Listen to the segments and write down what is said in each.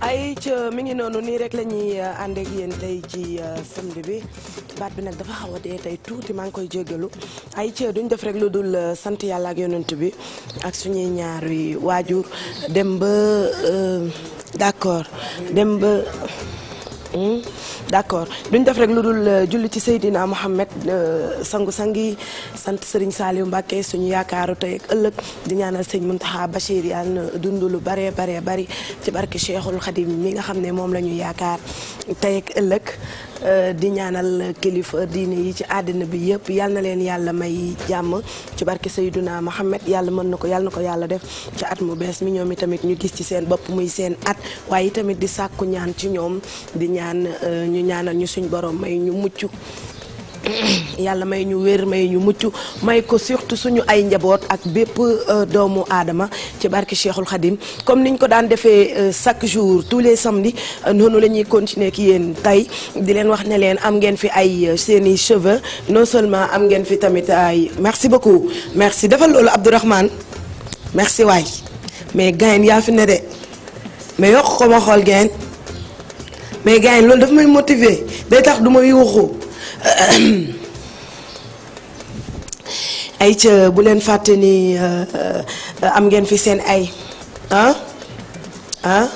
ay ca mi ngi noonu nii rek lañuy ñuy uh, ànd ak yéen tey ci uh, samedi bi baat bi nag dafa xaw a dee tey tuuti maa ngi koy jéggalu ay ca duñ def rek lu dul uh, sant yàlla ak yonent bi ak suñuy ñaari waajur dem ba d'accord dem ba. Hmm? d'accord duñ def rek lu dul euh, julli ci Seydina Mohamed euh, sangu sangi sant Serigne Saliou Mbacké suñu yaakaaru tey ëllëg di ñaanal sëñ Mountakha Bachir yàlla na dund lu bare bare bari ci barki Cheikhul Khadim mi nga xam ne moom la ñu yaakaar tey ëllëg. Euh, di ñaanal kilifa diine yi ci àddina bi yëpp yal na leen yàlla may jàmm ci barke Seydouna Mohamed yàlla mën na ko yàlla na ko yàlla def ci at mu bees mi ñoom itamit ñu gis ci seen bopp muy seen at waaye itamit di sàkku ñaan ci ñoom di ñaan euh, ñu ñaanal ñu suñ borom may ñu mucc yàlla may ñu wér may ñu mucc may ko surtout suñu ay njaboot ak bépp euh, doomu aadama ci barke Cheikhul Khadim comme niñ ko daan defee euh, chaque jour tous les samedis euh, noonu la ñuy continuer ki yéen tey di leen wax ne leen am ngeen fi ay seeni cheveux non seulement am ngeen fi tamit ay merci beaucoup merci defal loolu Abdourahmane merci waay mais gayen yaa fi ne de mais yokk ko ma xool gayen mais gayen loolu daf may motiver day tax du yuuxu ay ca bu leen fàtte ni euh, euh, am ngeen fi seen ay ah ah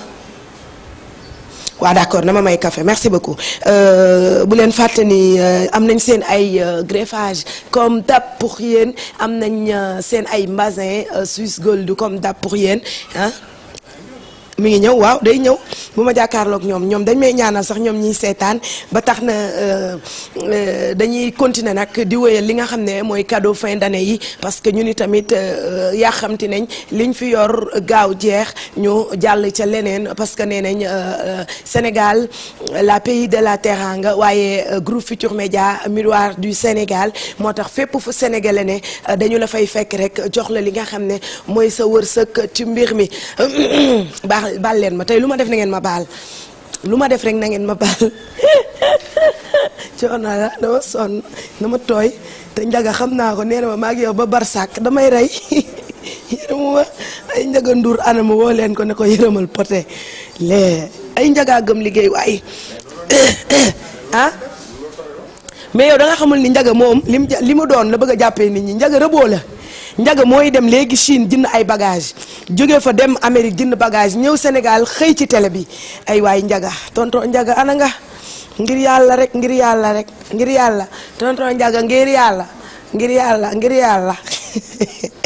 waaw d'accord na ma may café merci beaucoup euh, bu leen fàtte ni am nañ seen ay greffage comme d'hab pour yéen am nañ seen ay mbasin Suisse Gold comme d'hab pour yéen ah. mi ngi ñëw waaw day ñëw bu ma jàkkaarloog ñoom ñoom dañ may ñaanal sax ñoom ñiy seetaan ba tax na euh, euh, dañuy continuer nag di wéyal li nga xam ne mooy cadeau fin d'année yi parce que ñu ni tamit euh, yaa xamti nañ liñ fi yor gaaw jeex ñu jàll ca leneen parce que nee nañ Sénégal la pays de la teranga waaye groupe Futur Média miroir du Sénégal moo tax fépp fu sénégalais ne dañu la fay fekk rek jox la li nga xam ne mooy sa wërsëg ci mbir mi baax baal leen ma tey lu ma def na ngeen ma baal lu ma def rek nangeen ma baal coono la dama sonn dama tooy te njaga xam naa ko nee na ma maa ngi yow ba barsak damay rey yërëmuma ay njaga nduur anama woo leen ko ne ko yërëmal poté lee ay njagaa gëm liggéey waay ah mais yow da nga xamul ni njaga moom li mu doon la bëgg jàppee nit ñi njaga rëboo la njaga mooy dem léegi Chine jënd ay bagage jóge fa dem Amérique jënd bagage ñëw Sénégal xëy ci télé bi ay waay njaga tonton njaga ana nga ngir yàlla rek ngir yàlla rek ngir yàlla tonton njaga ngir yàlla ngir yàlla ngir yàlla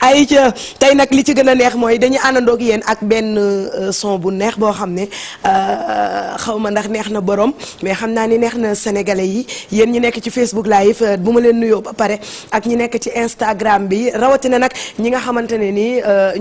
ay ca tey nag li ci gën a neex mooy dañuy àndandoog yéen ak benn euh, son bu neex boo xam ne euh, xaw ma ndax neex na borom mais xam naa ni neex na sénégalais yi yéen ñi nekk ci Facebook live euh, bu ma leen nuyoo ba pare ak ñi nekk ci Instagram bi rawatina nag ñi nga xamante ne ni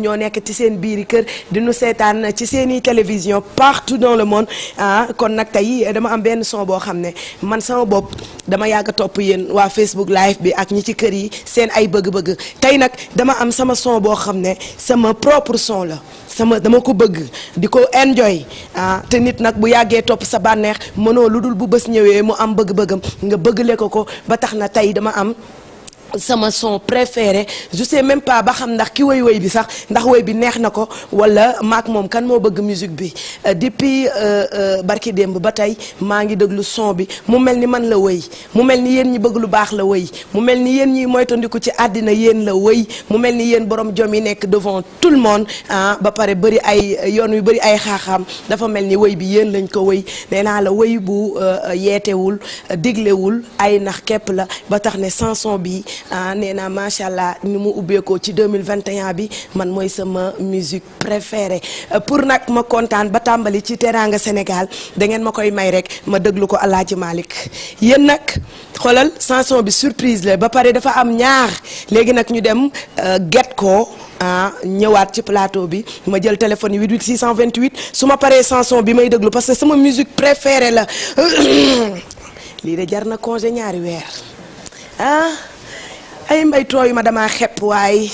ñoo nekk ci seen biiri kër di nu seetaan ci seeni télévision partout dans le monde ah kon nag tey dama am benn son boo xam ne man sama bopp dama yàgg topp yéen waa Facebook live bi ak ñi ci kër yi seen ay bëgg tey nag dama am sama son boo xam ne sama propre son la sama dama ko bëgg di ko enjoy ah te nit nag bu yàggee topp sa bànneex mënoo lu dul bu bës ñëwee mu am bëgg-bëggam nga bëggale ko ko ba tax na tey dama am sama son préféré je sais même pas ba xam ndax ki woy woy bi sax ndax woy bi neex na ko wala maak moom kan moo bëgg musique bi euh, depuis euh, euh, barki démb ba tey maa ngi déglu son bi mu mel ni man la woy mu mel ni yéen ñi bëgg lu baax la woy mu mel ni yéen ñi moytandiku ci àddina yéen la woy mu mel ni yéen borom jom yi nekk devant tout le monde ah ba pare bari ay yoon wi bëri ay xaaxaam dafa mel ni woy bi yéen lañ ko woy nee naa la woy bu yeetewul diglewul ay nax képp la ba tax ne bi ah nee naa macha allah ni mu ubbeekoo ci 2021 bi man mooy sama musique préférée euh, pour nag ma kontaan ba tàmbali ci teraanga Sénégal da ngeen ma koy may rek ma déglu ko Alaaji Malick yéen nag xoolal chanson bi surprise la ba pare dafa am ñaar léegi nag ñu dem euh, get ko ah, ñëwaat ci plateau bi ma jël téléphone 88 628 su ma paree chanson bi may déglu parce que sama musique préférée la lii de jar na congé ñaari weer ah. ay mbay tooyu ma damaa xepp waay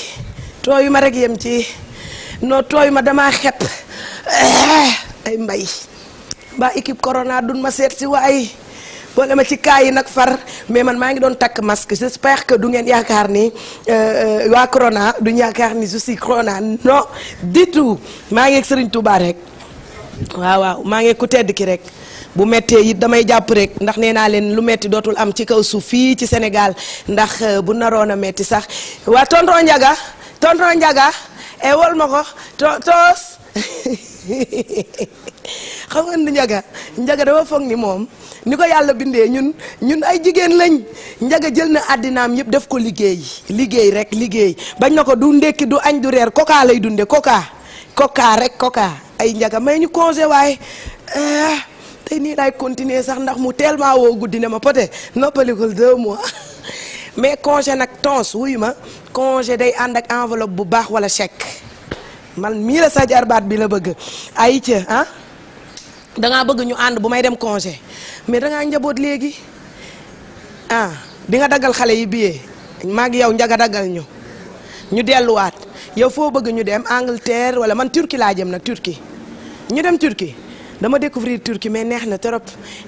tooyu ma rek yem ci noo tooyu ma damaa xepp eh, ay mbay mbaa équipe corona dun ma seet si waay boole ma ci kaa yi nag far mais man maa ngi doon takk masque j'espère que du ngeen yaakaar ni euh, euh, waa corona duñ yaakaar ni je corona non du tout maa ngi ak Serigne rek waaw waaw maa ngi ku tedd ki rek bu mettee it damay jàpp rek ndax nee naa leen lu metti dootul am ci kaw suuf fii ci Sénégal ndax euh, bu naroon a metti sax waa tonton Ndiaga tonton Ndiaga e dama foog ni moom ni ko yàlla bindee ñun ñun ay jigéen lañ Ndiaga jël na àddinaam yëpp def ko liggéey liggéey rek liggéey bañ na ko du ndekki du añ du reer kokaa lay dunde kokaa kokaa rek ay Ndiaga may ñu congé waaye eh, nii laay continuer sax ndax mu tellement woo guddi ne ma pote noppalikul de mois mais congé nag tons wuyu ma congé day ànd ak enveloppe bu baax wala check man mii la sa bi la bëgg ay ca ah dangaa bëgg ñu ànd bu may dem congé mais dangaa njaboot léegi ah di nga daggal xale yi billet maag yow njaga daggal ñu ñu delluwaat yow foo bëgg ñu dem Angleterre wala man Turquie laa jëm nag Turquie ñu dem Turquie dama découvrir Turquie mais neex na trop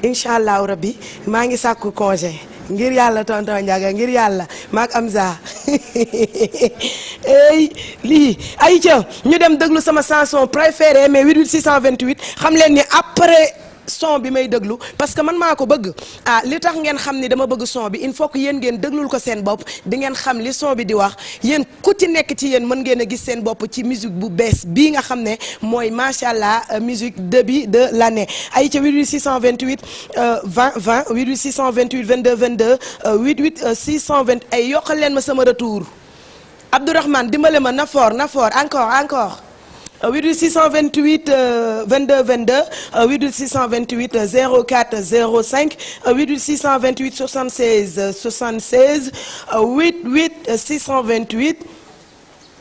incha allahu rabbi maa ngi sàkku congé ngir yàlla tonton Ndiaga ngir yàlla maak Amza ey lii ay ca ñu dem déglu sama chanson préférée mais 88628 xam leen ni après son bi may déglu parce que man maa ko bëgg ah li tax ngeen xam ni dama bëgg son bi il faut que yéen ngeen déglul ko seen bopp di ngeen xam li son bi di wax yéen ku ci nekk ci yéen man ngeen a gis seen bopp ci musique bu bees bii nga xam ne mooy macha allah euh, musique début de l' année. ay ca 88628 20 20 88628 22 22 88620 ay yokkal leen ma sama retour Abdourahmane dimbale ma nafoor nafoor encore encore. 88 628 22 22 88 628 04 05 88 628 76 76 88 628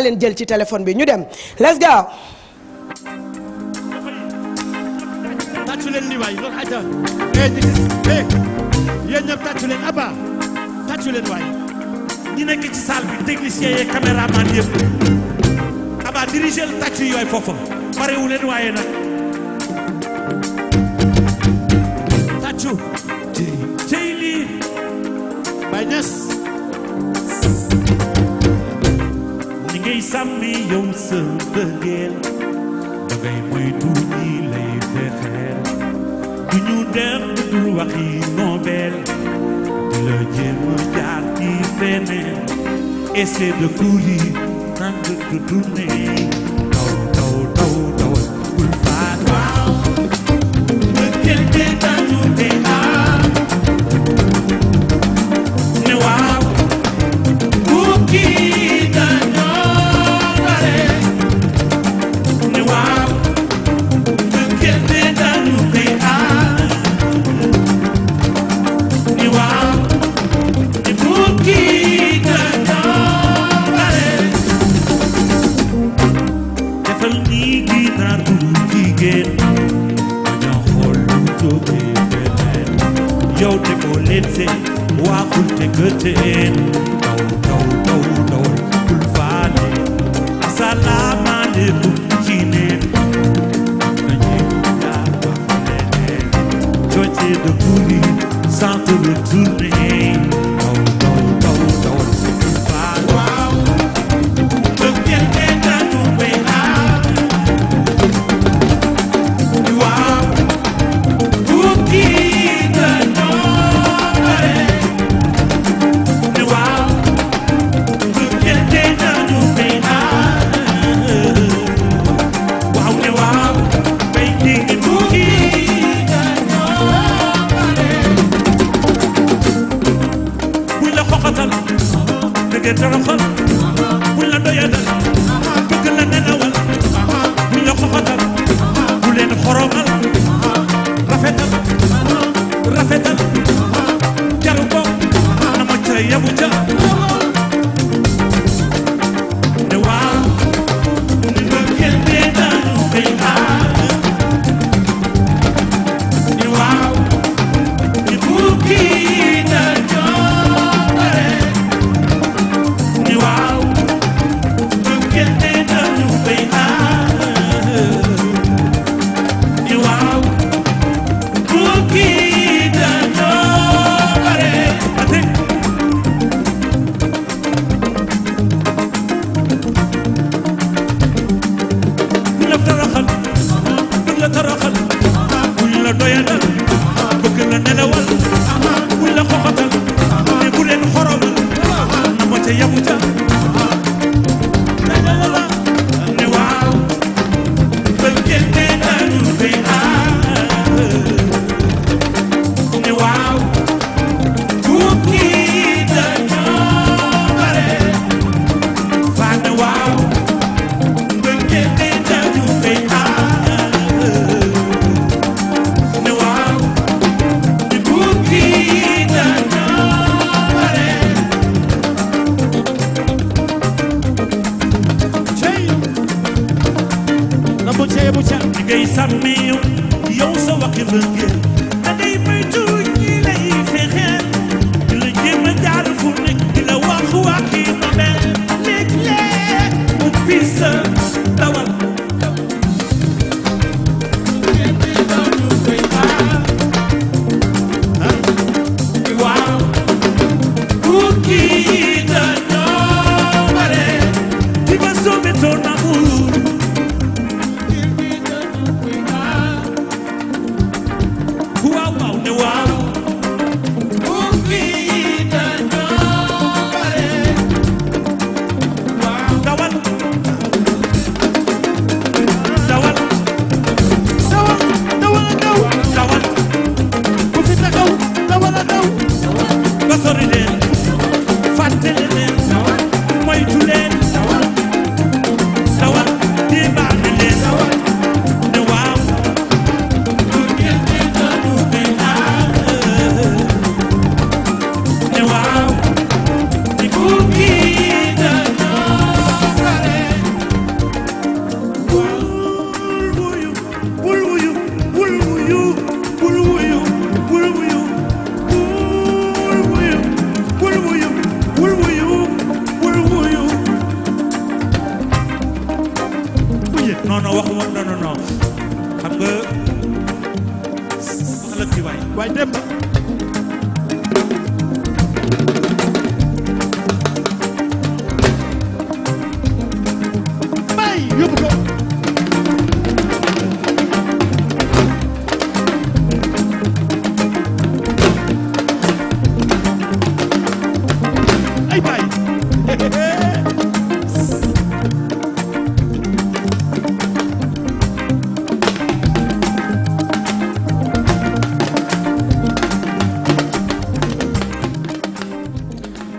naa leen jël ci téléphone bi ñu dem leen ni waay loolu aja eh di eh leen aba tàccu leen waay ñi nekk ci salle bi technicien yeeg caméraman yëpp aba dirigé la tàccu yooyu foofu bariwu leen waaye nag tàccu cey lii bay koy sàmmi yow sa bëggeel dangay moytu ñi lay fexeel du ñu dem dul waxi nobel di la jéem a jaar ci feneen essaie de courir tant que tourner hetze waaxulte gëteen daw daw daw daw bul faale asalaamaaleykum ci neen nañu daa wax leneen jotee de courir sans te retourner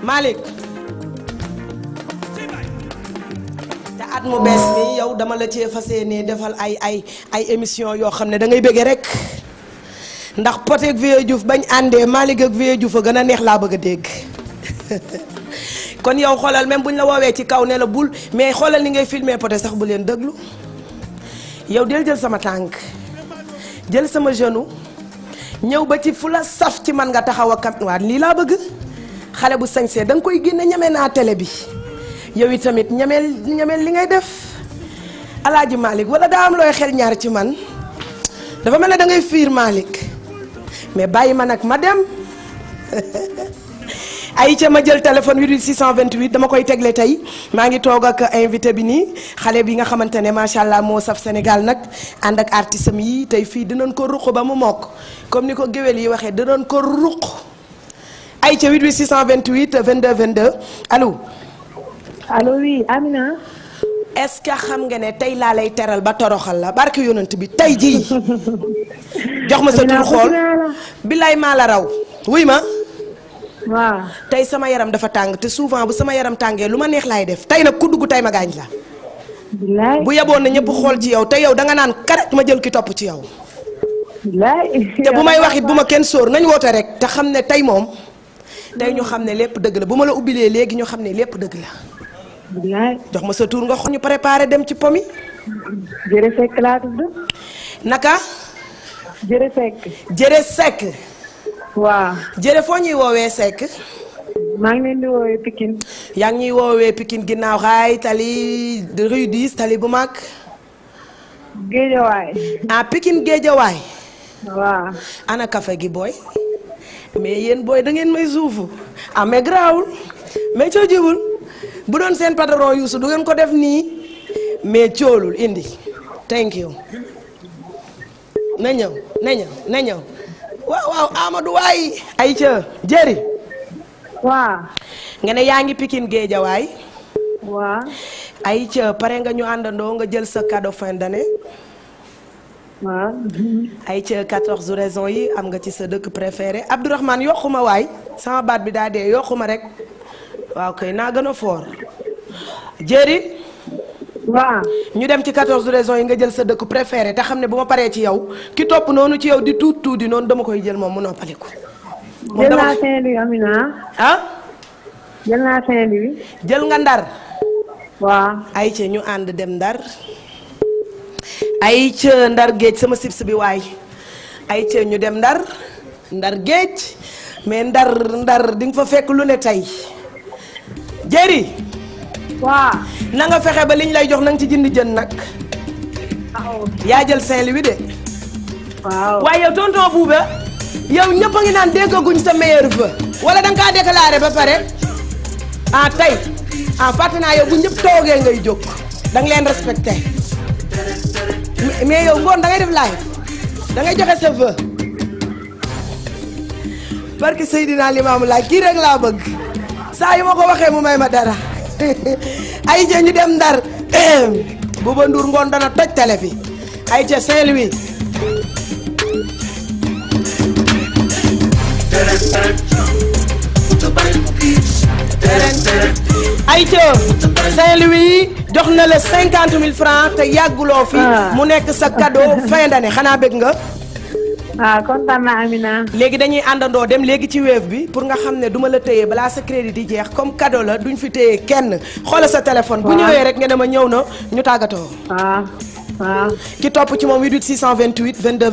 Malick te at mu bees mi yow dama la cee fas yéenee defal ay ay ay émission yoo xam ne dangay ngay bëggee rek ndax Pod ak Vieux Diouf bañ àndee Malick ak Vieux Diouf a gën a neex laa bëgg a dégg kon yow xoolal même buñ la woowee ci kaw ne la bul mais xoolal ni ngay filmer Pod sax bu leen déglu yow del jël sama tànk jël sama genou ñëw ba ci fu la saf ci man nga taxaw ak kam waa lii laa bëgg xale bu sañsee da nga koy génne ñeme naa télé bi yow itamit ñemeel ñemeel li ngay def alaaji Malick wala daa am looy xel ñaar ci man dafa mel ne da ngay fiir Malick mais bàyyi ma nag ma dem ay ca ma jël wi téléphone vingt 628 dama koy tegle tey maa ngi toog ak invité bi nii xale bi nga xamante ne macha allah moo saf Sénégal nag ànd ak artisam yi tey fii dinañ ko ruq ba mu mokk comme ni ko géwél yi waxee dinañ ko ruq. ayca 88 628 22 22 allo. allo oui Amina. est-ce que xam nga ne tey laa lay teral ba toroxal la barke yonent bi tey jii jox ma sa tur xool billaay maa la raw wuy ma. tey sama yaram dafa tàng te souvent bu sama yaram tàngee lu ma neex laay def tey nag ku dugg tey ma gaañ la. bu yeboon na ñëpp xool ci yow te yow danga naan karat ma jël ki topp ci yow. billaay te bu may wax it bu ma kenn soor nañ woote rek te xam ne tey moom. tey ñu xam ne lépp dëgg la bu ma la ubbilee léegi ñu xam ne lépp dëgg la. jox ma sa tur nga xool ñu préparé dem ci pomi jërë sekk naka. jërë sekk. jërë sekk. waaw. jërë foo ñuy woowee sekk. maa ngi leen di yaa ngi ñuy woowee pikin ginnaaw raay tali rue 10 tali bu mag. Géejawaay. ah Géejawaay. ana café gi booy. mais yéen booy da ngeen may suufu ah mais garaawul mais coo bu doon seen patron Youssou du ngeen ko def nii mais coolul indi thank you na ñëw na ñëw na ñëw waaw waaw Amadou waay ay ca jëri waaw ne yaa ngi Pikine Guédiawaye waay ay ca pare nga ñu àndandoo nga jël sa cadeau fin waaw. ay ca 14 raisons yi am nga ci sa dëkk préféré Abdourahmane yokkuma waay sama baat bi daa dee yokkuma rek waaw kay naa gën a foor jëri. waaw ñu dem ci 14 raisons yi nga jël sa dëkk préféré te xam ne bu ma paree ci yow ki topp noonu ci yow di tuut tuuti noonu dama koy jël moom mu noppaliku. Ah? jël naa ah. jël nga Ndar. waaw. ay ca ñu ànd dem Ndar. ay ca ndar géej sama sips bi waay ay ca ñu dem ndar ndar géej mais ndar ndar dinga fa fekk lu ne tey jëri waaw na nga fexe ba liñ lay jox na ci jënd jën nag ah, oh. yaa jël Saint-Louis de waaye yow tonton Bouba yow ñëpp a ngi naan déggaguñ sa meilleur vœu wala da kaa déclaré ba pare ah tey ah bu ñëpp toogee ngay jóg da leen respecté mais yow ngoon dangay def live dangay joxe sa vœu parce que Seydina Limaamu Laay kii rek laa bëgg saa yu ma ko waxee mu may ma dara ay ja ñu dem ndar Bouba Ndour ngoon dana toj télé bi ay ca saint ay ayca Saint-Louis jox na la cinquante mille francs te yàgguloo fi ah. mu nekk sa cadeau fin ne xanaa bëgg nga waaw ah, kontaan naa Amina. léegi dañuy àndandoo dem léegi ci weef bi pour nga xam ne duma la téye balaa sa crédit di jeex comme cadeau la duñ fi téye kenn xoola sa téléphone. bu ñëwee rek nga dama ñëw na ñu tàggatoo. waaw ah, waaw. ki topp ci moom 88 628 22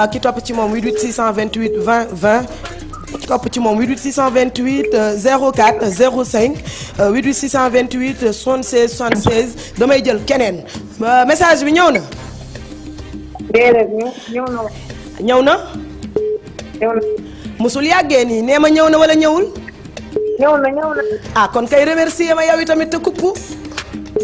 22 ki topp ci moom 88 628 20 20. topp ci moom 88628 04 05 88628 76 76 damay jël keneen euh, message bi ñëw na. déedéet ñëw na wa. ñëw na. ñëw na. mosul yàggee nii nee ma ñëw na wala ñëwul. ñëw na ñëw na. ah kon kay remercier ma yow itamit te kuppu.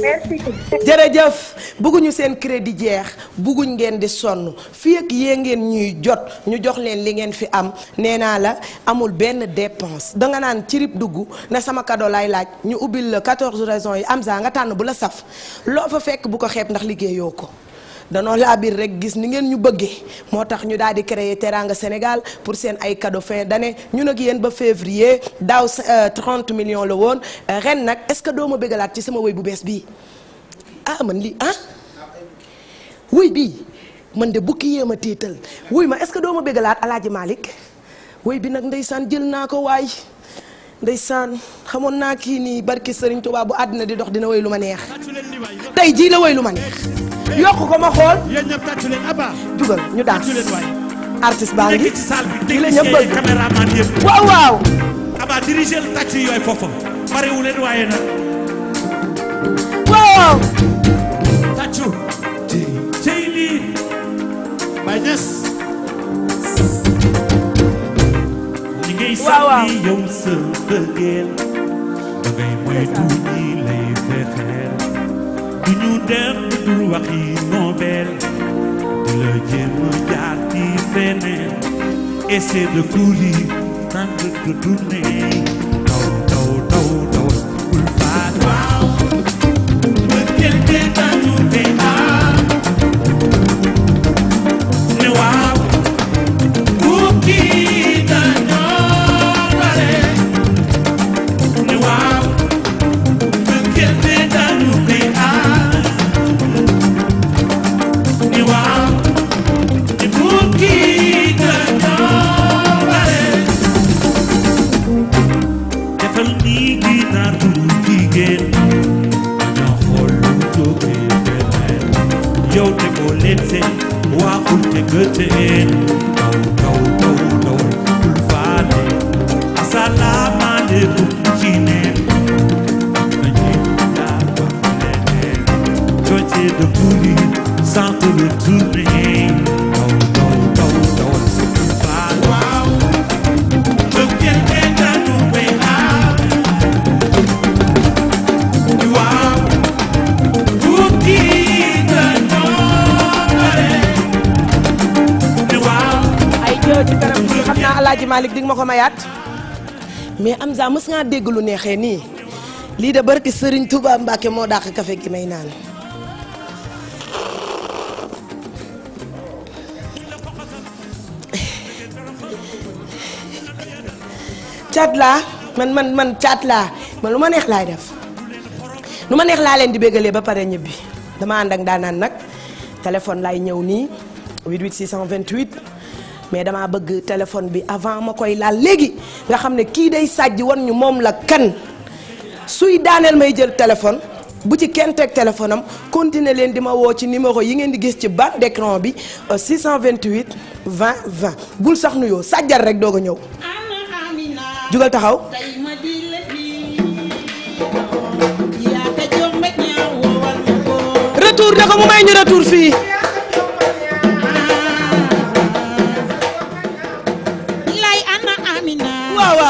merci. jërëjëf bëgguñu seen crédit jeex bëgguñ ngeen di sonn fii ak yee ngeen ñuy jot ñu jox leen li ngeen fi am nee naa la amul benn dépense danga naan cirib dugg ne sama cadeau lay laaj ñu ubbil la 14 raisons yi am saa nga tànn bu la saf loo fa fekk bu ko xeeb ndax liggéeyoo ko. danoo laa biir rek gis ni ngeen ñu bëggee moo tax ñu daal di créer Sénégal pour seen ay cadeau fin d'année ñun ak yéen ba février daaw 30 euh, million la woon euh, ren nag est-ce que doo ma bëggalaat ci sama woy bu bees bii ah man lii ah wuy bi man de bukki yéem a tiital wuy ma est-ce que doo ma bëggalaat Alaaji Malick woy bi nag ndeysaan jël naa ko waay ndeysaan xamoon naa kii ni barki Serigne Touba bu àddina di dox dina woy lu ma neex tey jii la woy lu ma neex yokk ko ma xool dugal ñu daal artiste baa di la ñëpp bëgg waaw waaw aba diriger le tàcc yooyu foofu sànni yow sa bëggeel dangay moytu ñi lay fexeel du ñu dem dul waxi nobel di la jéem a jaar ci feneen essaie de courir tant que tourner geze waxul te gëteen kaw kaw kaw kaw bul faale asalaamaaleykum ci neen nañu daa ba leneen côté de Pouli centre de tournée Alaaji Malick di nga ma ko mayaat mais Amza mës ngaa dégg lu neexee nii lii de barki Serigne Touba Mbacke moo dàq kafe gi may naan. caat laa man man man caat laa man lu ma neex laay def lu ma neex laa leen di béggalee ba pare ñibbi dama ànd ak daanaan nag téléphone laay ñëw nii 88 628 mais damaa bëgg téléphone bi avant ma koy laal léegi nga xam ne kii day sàjj wan ñu moom la kan suy daaneel may jël téléphone bu ci kenn teg téléphone am continuer leen di ma woo ci numéro yi ngeen di gis ci bas d'écran bi 628 20 20 bul sax nuyoo sàjjal rek doo ko ñëw jugal taxaw retour na ko mu may ñu retour fii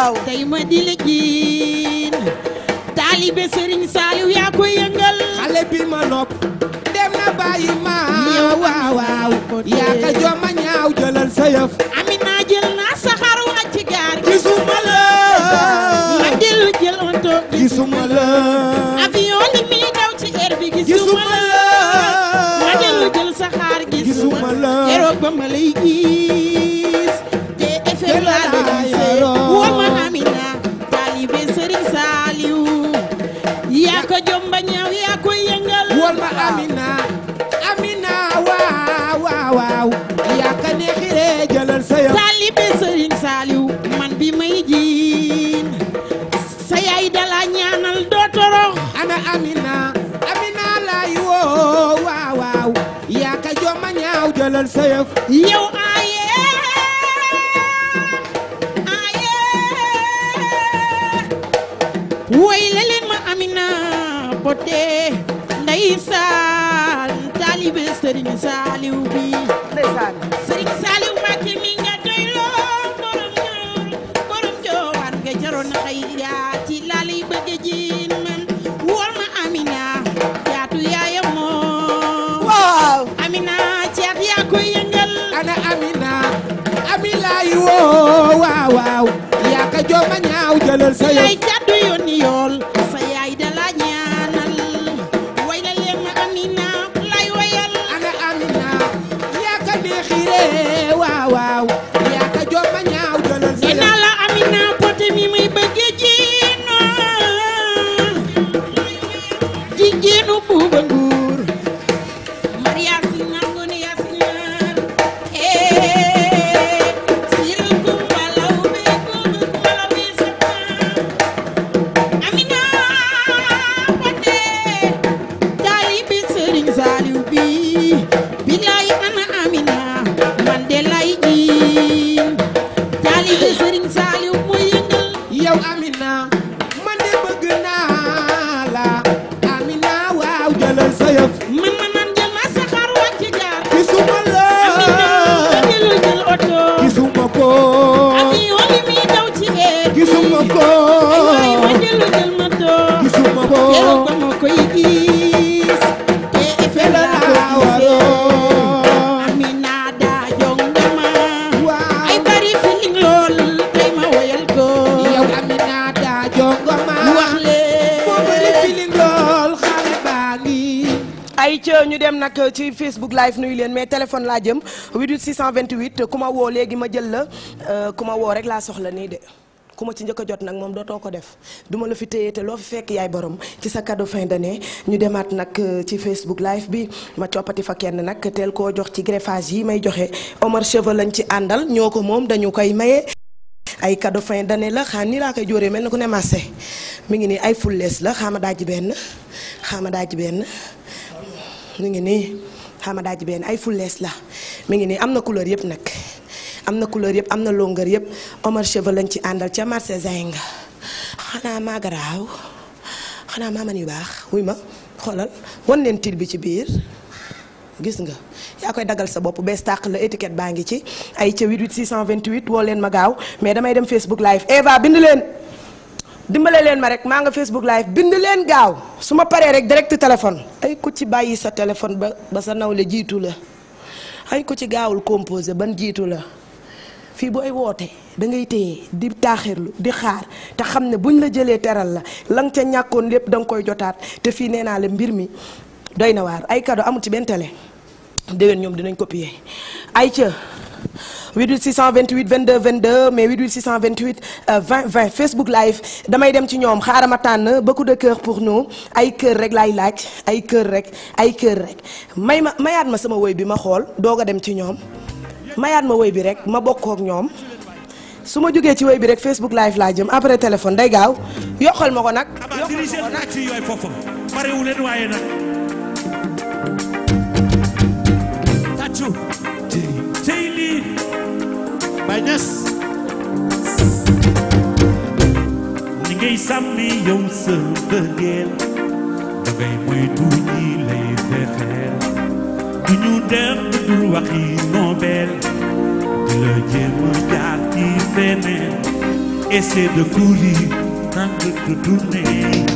waaw tey ma di la jiin taalibe sëriñ Saaliw yaa ko yëngal xale bi ma nopp dem na bàyyi ma waaw waaw yaa ka joma ñaaw jëlal sa yëf Amina jël saxaar waa ci gaar gisuma la ma dellu jël onto gisuma avion li daw ci air bi gisuma la ma ba ma lay jiin jomba ñaaw yaa koy yëngal wol ma Amina Amina waaw waaw waaw yaa ka neexire jëlal sa yow taalibe sëriñ Saaliw man bi may jiin sa yaay dala ñaanal doo torox ana Amina Amina laay woo waaw waaw yaa ka jomba ñaaw jëlal sa yow yow de ndeysaan taalibe Sëriñ Saaliw bi live nuyu leen mais téléphone laa jëm 88 628 ku ma woo léegi ma jël la euh, ku ma woo rek laa soxla nii de ku ma ci njëkk a jot nag moom dootoo ko def duma la fi téye te loo fi fekk yaay borom ci sa cadeau fin d'année ñu demaat nag euh, ci Facebook live bi ma coppati fa kenn nag teel koo jox ci greffage yi may joxe Omar Cheval lañ ci àndal ñoo ko moom dañu koy maye. ay cadeau fin d'année la xaa nii laa koy jóoree mel na ku ne marché mi ngi nii ay fullees la xaama daaj benn xaama daaj benn mi ngi xama daaj benn ay fullees la mi ngi nii am na couleur yëpp nag am na couleur yëpp am na longueur yëpp Omar cheveux lañ ci àndal ca marché Zinga xanaa maa garaaw xanaa maa man yu baax wuy ma xoolal wan leen til bi ci biir gis nga yaa koy dagal sa bopp bees tàq la étiquette baa ngi ci ay ca 88 628 woo leen ma gaaw mais damay dem Facebook live Eva bind leen dimbale leen ma rek maa nga Facebook live bind leen gaaw su ma paree rek direct téléphone ay ko ci bàyyi sa téléphone ba ba sa nawle jiitu la ay ko ci gaawul composé ban jiitu la fii booy woote da ngay téye di taaxirlu di xaar te xam ne buñ la jëlee teral la la nga ca ñàkkoon lépp da nga koy jotaat te fii nee naa la mbir mi doy na waar ay cadeau amul ci benn déwén ñoom dinañ copier ay ca 88628 22 22 mais 88628 20 20 Facebook live damay dem ci ñoom xaaral ma tànn beaucoup de cœur pour nous ay cœur rek laay laaj ay cœur rek ay cœur rek may ma mayaat ma sama woy bi ma xool doog a dem ci ñoom mayaat ma woy bi rek ma bokkook ñoom su ma jógee ci woy bi rek Facebook live laa jëm après téléphone day gaaw yokkal ma ko nag. yokkal ma ko nag yooyu foofu bariwu leen waaye nag. tàccu. Baay Ñas ni ngay sàmmi yow sa bëggeel da ngay moytu ñi lay fexeel du ñu dem dul waxi nobel di la jéem a jaar ci feneen essaie de courir tant que tu tournes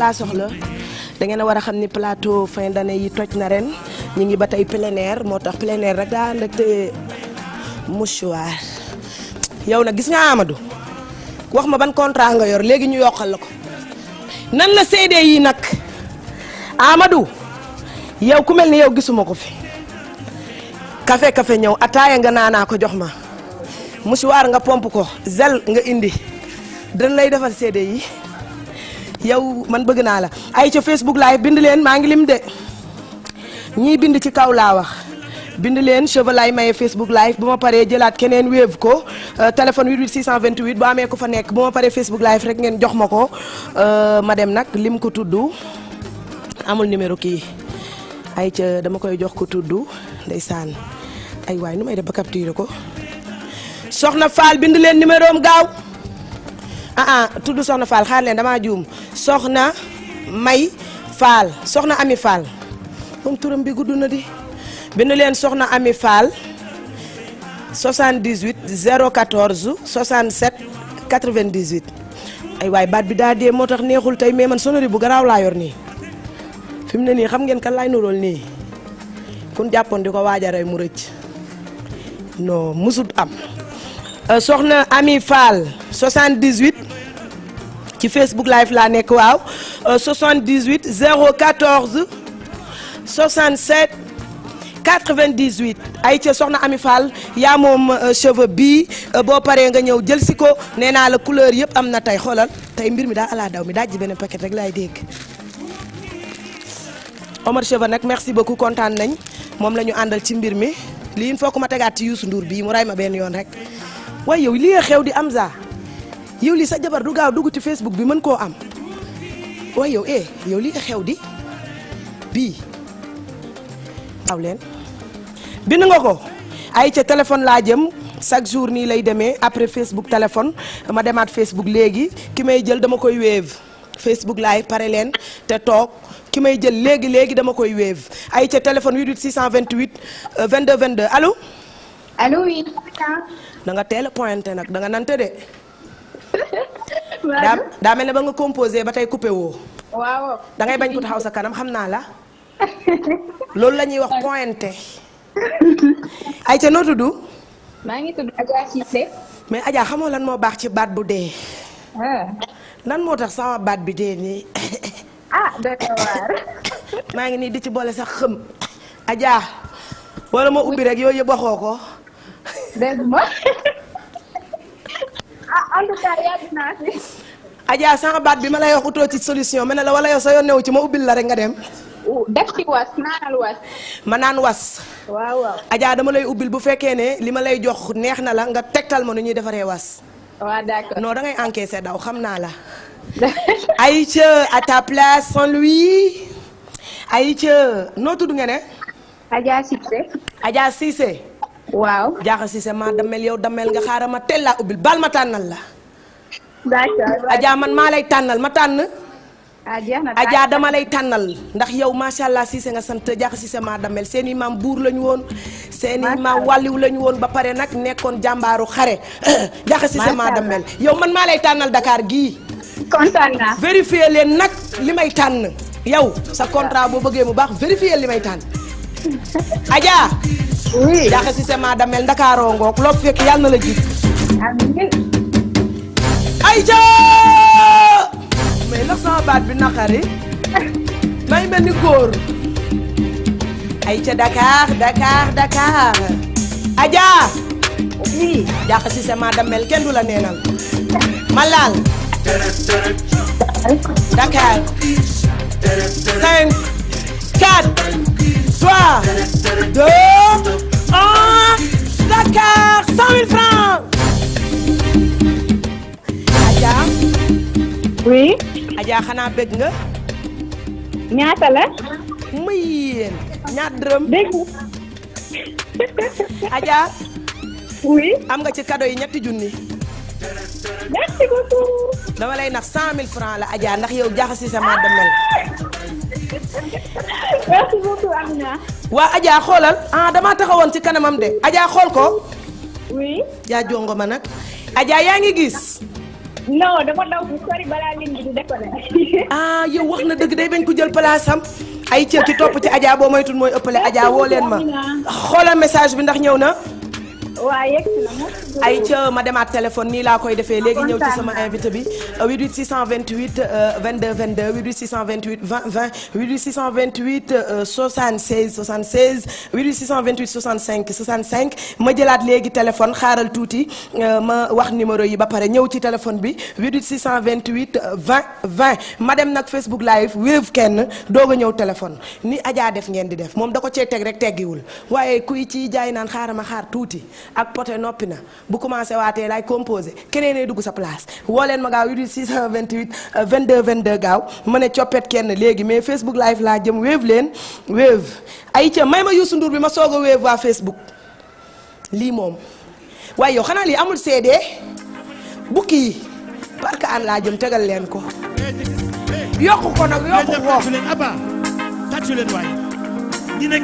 laa soxla da ngeen a war a xam ni plateau fin d'année yi toj na ren ñu ngi ba tey plein air moo tax plein air rek daa ànd ak te euh, mouchoir yow nag gis nga Amadou wax ma ban contrat nga yor léegi ñu yokkal la ko nan la CD yi nag Amadou yow ku mel ni yow gisuma ko fi café café ñëw ataaya nga naanaa ko jox ma mouchoir nga pomp ko zel nga indi dañ lay defal CD yi. yow man bëgg naa la ay ca Facebook live bind leen maa ngi lim de ñii bind ci kaw laa wax bind leen cheveux laay maye Facebook live bu ma paree jëlaat keneen wéev ko euh, téléphone 88 628 bu amee ko fa nekk bu ma paree Facebook live rek ngeen jox ma ko euh, ma dem nag lim ko tudd amul numéro kii ay ca dama koy jox ko tudd ndeysaan ay waay nu may def ba capturer ko soxna Fall bind leen numéro gaaw ah ah tudd Soxna Fall xaar leen damaa juum Soxna May Fall Soxna Ami Fall moom turam bi gudd na di bind leen Soxna Ami Fall 78 014 67 98 ay waay baat bi daa dee moo tax neexul tey mais man sonori bu garaaw laa yor nii fi mu ne nii xam ngeen kan laay nurool nii kun jàppoon di ko waaj mu rëcc non musut am. Euh, soxna Ami Fall 78 ci Facebook live laa nekk waaw 78 014 67 98 ay ca soxna Ami Fall yaa moom euh, cheveux bi euh, boo paree nga ñëw jël si ko nee naa la couleur yëpp am na tey xoolal tey mbir mi daal ala daw mi daaj ji beneen paquet rek laay dégg Omar Cheveux nag merci beaucoup kontaan nañ moom lañu àndal ci mbir mi lii il faut que ma tegaat ci Youssou Ndour bii mu ray ma benn yoon rek. waaye yow lii xew di Amza yow lii sa jabar du gaaw dugg ci Facebook bi mën koo am waaye yow eh yow lii xew di bii aw leen bind nga ko ay ca téléphone laa jëm chaque jour nii lay demee après Facebook téléphone ma demaat Facebook léegi ki may jël dama koy wéev Facebook laay pare leen te toog ki may jël léegi léegi dama koy wéev ay ca téléphone 88 628 22 22 allo. allo oui. da nga teel a pointé nag da nga nante de. daa daa mel ne ba nga composé ba tey coupé woo. waaw da ngay bañ ko taxaw sa kanam xam naa la. loolu lañuy wax pointé. ay ca noo tudd. maa ngi tudd Adja mais Adja xamoo lan moo baax ci baat bu dee. nan ah. moo tax sama baat bi dee nii. Ah, maa ngi nii di ci boole sax xëm. Adja wala moo ubbi rek yooyu yëpp waxoo ko. dégg ma ah, en yàgg naa si. Adja sama baat bi ma lay wax utoo ci solution ma ne la wala yow sa yoon newu ci ma ubbil la rek nga dem. ma naan was. waaw dama lay ubbil bu fekkee ne li ma lay jox neex na la nga tegtal ma nu ñuy defaree was. waaw d'accord non dangay encaisser daw xam naa la. Aïcha à ta place Saint-Louis. Aïcha noo tudd nga ne. Adja Cissé. Adja Cissé. waaw jaaxa si sama damel yow nga xaaral ma teel laa ubbil baal ma tànnal la. d'accord man maa lay tànnal ma tànn. Adja ah, dama lay tànnal ndax yow macha allah Cissé nga sant jaaxa si sama damel seen i maam buur lañu woon. seen i maam wàlliw lañu woon ba pare nag nekkoon jàmbaaru xare. jaaxa si sama damel yow man maa lay tànnal dakaar gii. kontaan naa vérifier leen nag li may tànn. yow sa contrat boo bëggee mu baax vérifier li may tànn. Adja. oui jaaxle si sama damel Ndakaaroo ngoog loo fekk yàlla na la ji. amiin. Adja. mais may mel ni góor. Adja Dakar Dakar Dakar. Adja. oui jaaxle si kenn du la neenal. ma laal. Dakar. 3, 2, Dakar, francs. Adja. oui. Adja xanaa bëgg nga. ñaata la. muy yéen ñaar dërëm. dégg nga. Adja. am nga ci cadeau yi ñetti junni. dama lay nax cent mille francs la ajaa ndax yow jaaxasi sama demel. merci beaucoup Amina. waa Adja xoolal ah taxawoon ci kanamam de Adja xool ko. oui. yaa jongo nag. Adja yaa ngi gis. non dama daw bu sori balaa ligne bi ah, wax na dëgg day bañ ko jël place am. ay cër ci topp ci Adja boo moytul mooy ëppale Adja woo leen ma. xoolal message bi ndax ñëw na. waaw yegg ay ca ma demaat téléphone nii laa koy defee léegi ñëw ci sama invité bi 88 628 22 22 88 628 20 20 88 628 76 76 88 628 65 65 ma jëlaat léegi téléphone xaaral tuuti euh, ma wax numéro yi ba pare ñëw ci téléphone bi 88 628 20 20 ma dem nag Facebook live wéev kenn doog a ñëw téléphone ni ajaa def ngeen di def moom da ko cee teg rek teggiwul waaye kuy ci jaay naan xaaral ma xaar tuuti. ak poté noppi na bu commencé waatee laay composé keneen dugg sa place woo leen ma gaaw yu di 628 22 de gaaw ma ne coppet kenn léegi mais Facebook live laa jëm wéev leen wéev ay ca may ma Youssou Ndour bi ma soog a wéev waa Facebook lii moom waaye yow xanaa lii amul CD bukki yi barka an laa jëm tegal leen ko yokku ko nag yokku ko leen aba tàccu leen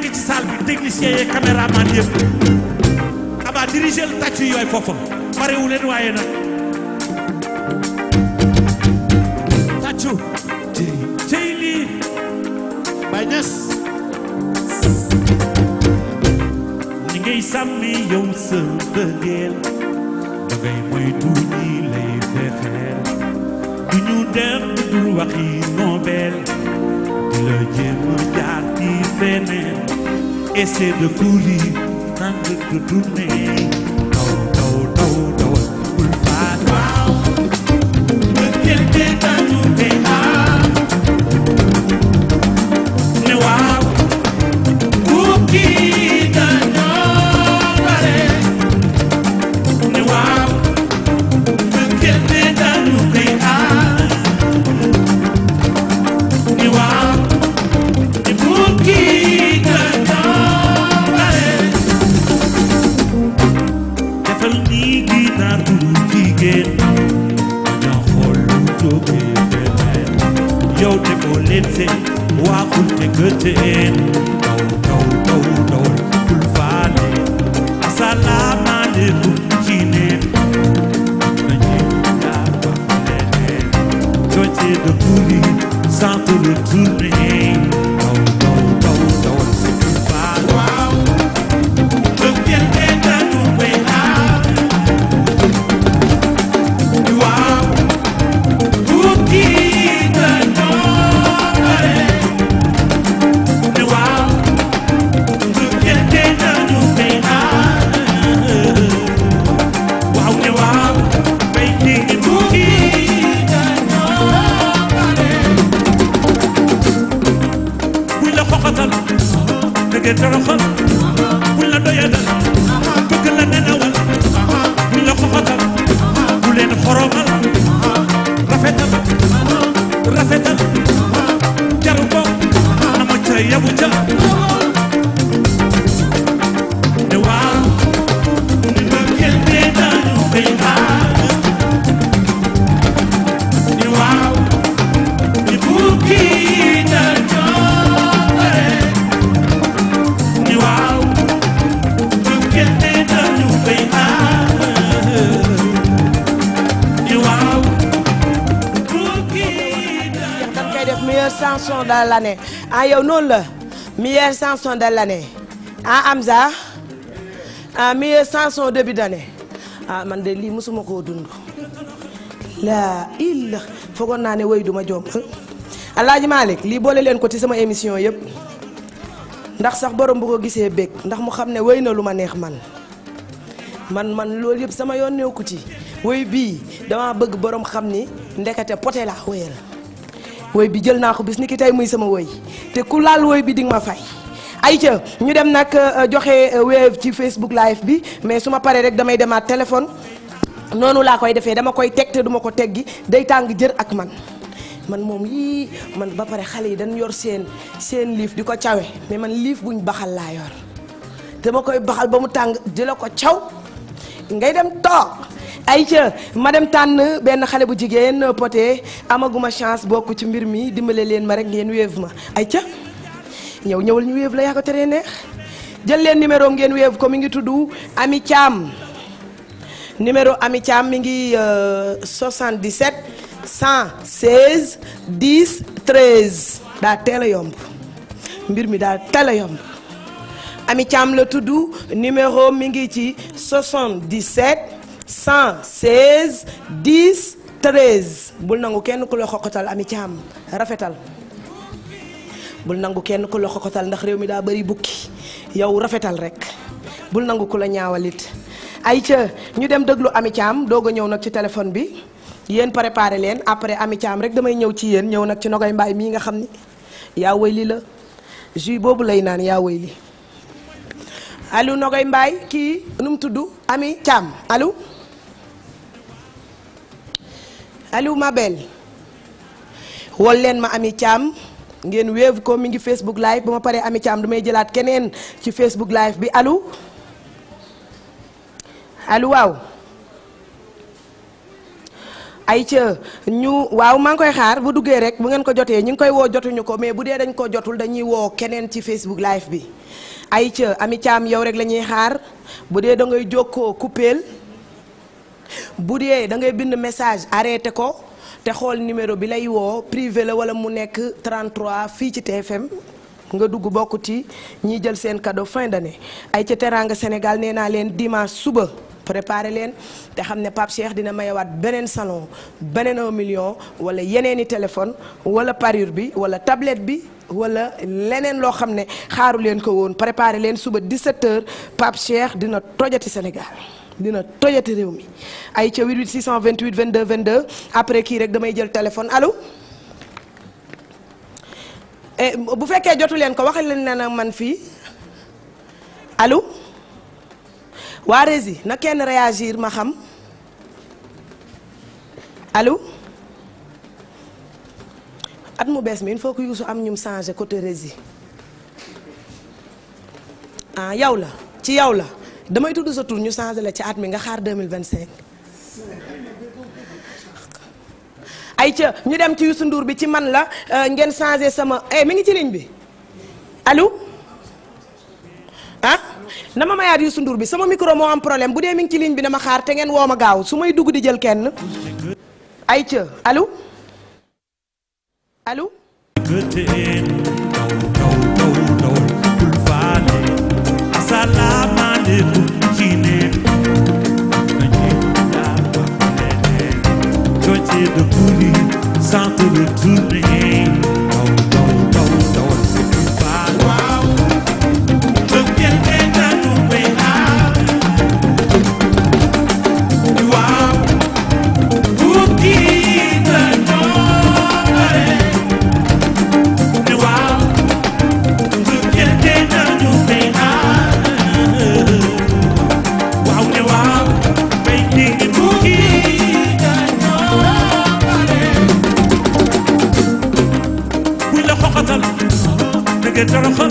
ci salle bi technicien yee caméraman yëpp Baba dirigé lu tàcc yooyu foofa bariwu leen waaye nag tàccu cëy lii bay ñes ni ngay sàmmi yow sa bëggeel da ngay moytu ñi lay fexeel du ñu dem du waxi nobel di la jéem a jaar ci feneen essaie tangan gedune bëteen kaw kaw kaw kaw bul faale asalaamaaleykum ci neen nañu daa wax leneen soo cee de courir sans te retourner noonu la meilleure chanson de l'année ah Amza ah meilleure chanson début d'année ah man de lii mosuma koo dund laa la foogoon naa ne wéy duma joom maa Malick lii boole leen ko ci sama émission yëpp ndax sax borom bu ko gisee bég ndax mu xam ne wéy na lu ma neex man man man loolu yëpp sama yoon neeku ci wéy bii damaa bëgg borom xam ni ndekete poté laa wéyal woy bi jël naa ko bis ni ki tey muy sama woy te ku laal woy bi di nga ma fay ayca ñu dem nag euh, euh, joxe euh, wave ci Facebook live bi mais su ma paree rek damay demaat téléphone noonu laa koy defee dama koy teg te duma ko teggi day tàng jër ak man man moom yii man ba pare xale yi dañ yor seen seen liif di ko cawe mais man liif buñ baxal laa yor dama koy baxal ba mu tàng di la ko caw ngay dem toog ayca ma dem tànn benn xale bu jigéen poté amaguma chance bokk ci mbir mi dimbale leen ma rek ngeen wéev ma ay ca ñëw ñëwal ñu wéev la yaa ko teree neex jël leen numéro ngeen wéev ko mi ngi tuddu Ami Thiam numéro Ami Thiam mi ngi 77 116 10 13 daa teel a yomb daa teel a yomb Ami Thiam la tudd numéro mi ngi ci 77. 116 10 13 bul nangu kenn ku la xoqatal ami caam rafetal bul nangu kenn ku la xoqatal ndax réew mi daa bëri bukki yow rafetal rek bul nangu ku la ñaawalit ay ca ñu dem déglu ami caam doog a ñëw nag ci téléphone bi yéen préparé leen après ami caam rek damay ñëw ci yéen ñëw nag ci nogay mbaay mii nga xam ni yaa woy li la jus boobu lay naan yaa woy li allo nogay mbaay kii nu mu tudd ami caam allo Aliou ma belle wol leen ma Ami Thiam ngeen wéev ko mi ngi Facebook live bu ma paree Ami Thiam damay jëlaat keneen ci Facebook live bi Aliou Aliou waaw ay ca ñu waaw maa ngi koy xaar bu duggee rek bu ngeen ko jotee ñu ngi koy woo jotuñu ko mais bu dee dañ ko jotul dañuy woo keneen ci Facebook live bi ay ca Ami Thiam yow rek lañuy xaar bu dee dangay ngay koo coupeel bu dee da ngay bind message arrêté ko te xool numéro bi lay woo privé la wala mu nekk 33 fii ci TFM nga dugg bokk ci jël seen cadeau fin d'année ay ca teraanga Sénégal nee naa leen dimanche suba préparé leen te xam ne Pape Cheikh dina mayewaat beneen salon beneen un million wala yeneeni téléphone wala parure bi wala tablette bi wala leneen loo xam ne xaaru leen ko woon préparé leen suba 17h Pape Cheikh dina tojati Sénégal. dina tojati réew mi ay ca 88 628 22 22 après kii rek damay jël téléphone alo eh, bu fekkee jotu leen ko waxal leen ne na man fii allo waa Rési na kenn réagir ma xam allo at mu bees mi il faut que Youssou am ñum changé côté Rési ah yow la ci yow la damay tudd sa tur ñu changé la ci at mi nga xaar 2025. ay ca ñu dem ci Youssou Ndour bi ci man la euh, ngeen changé sama eh mi ngi ci ligne bi allo ah nama mayaat Youssou Ndour bi sama micro moo am problème bu dee mi ngi ci ligne bi dama xaar te ngeen woo ma gaaw su may dugg di jël kenn ay ca allo de folie sans te retourner. que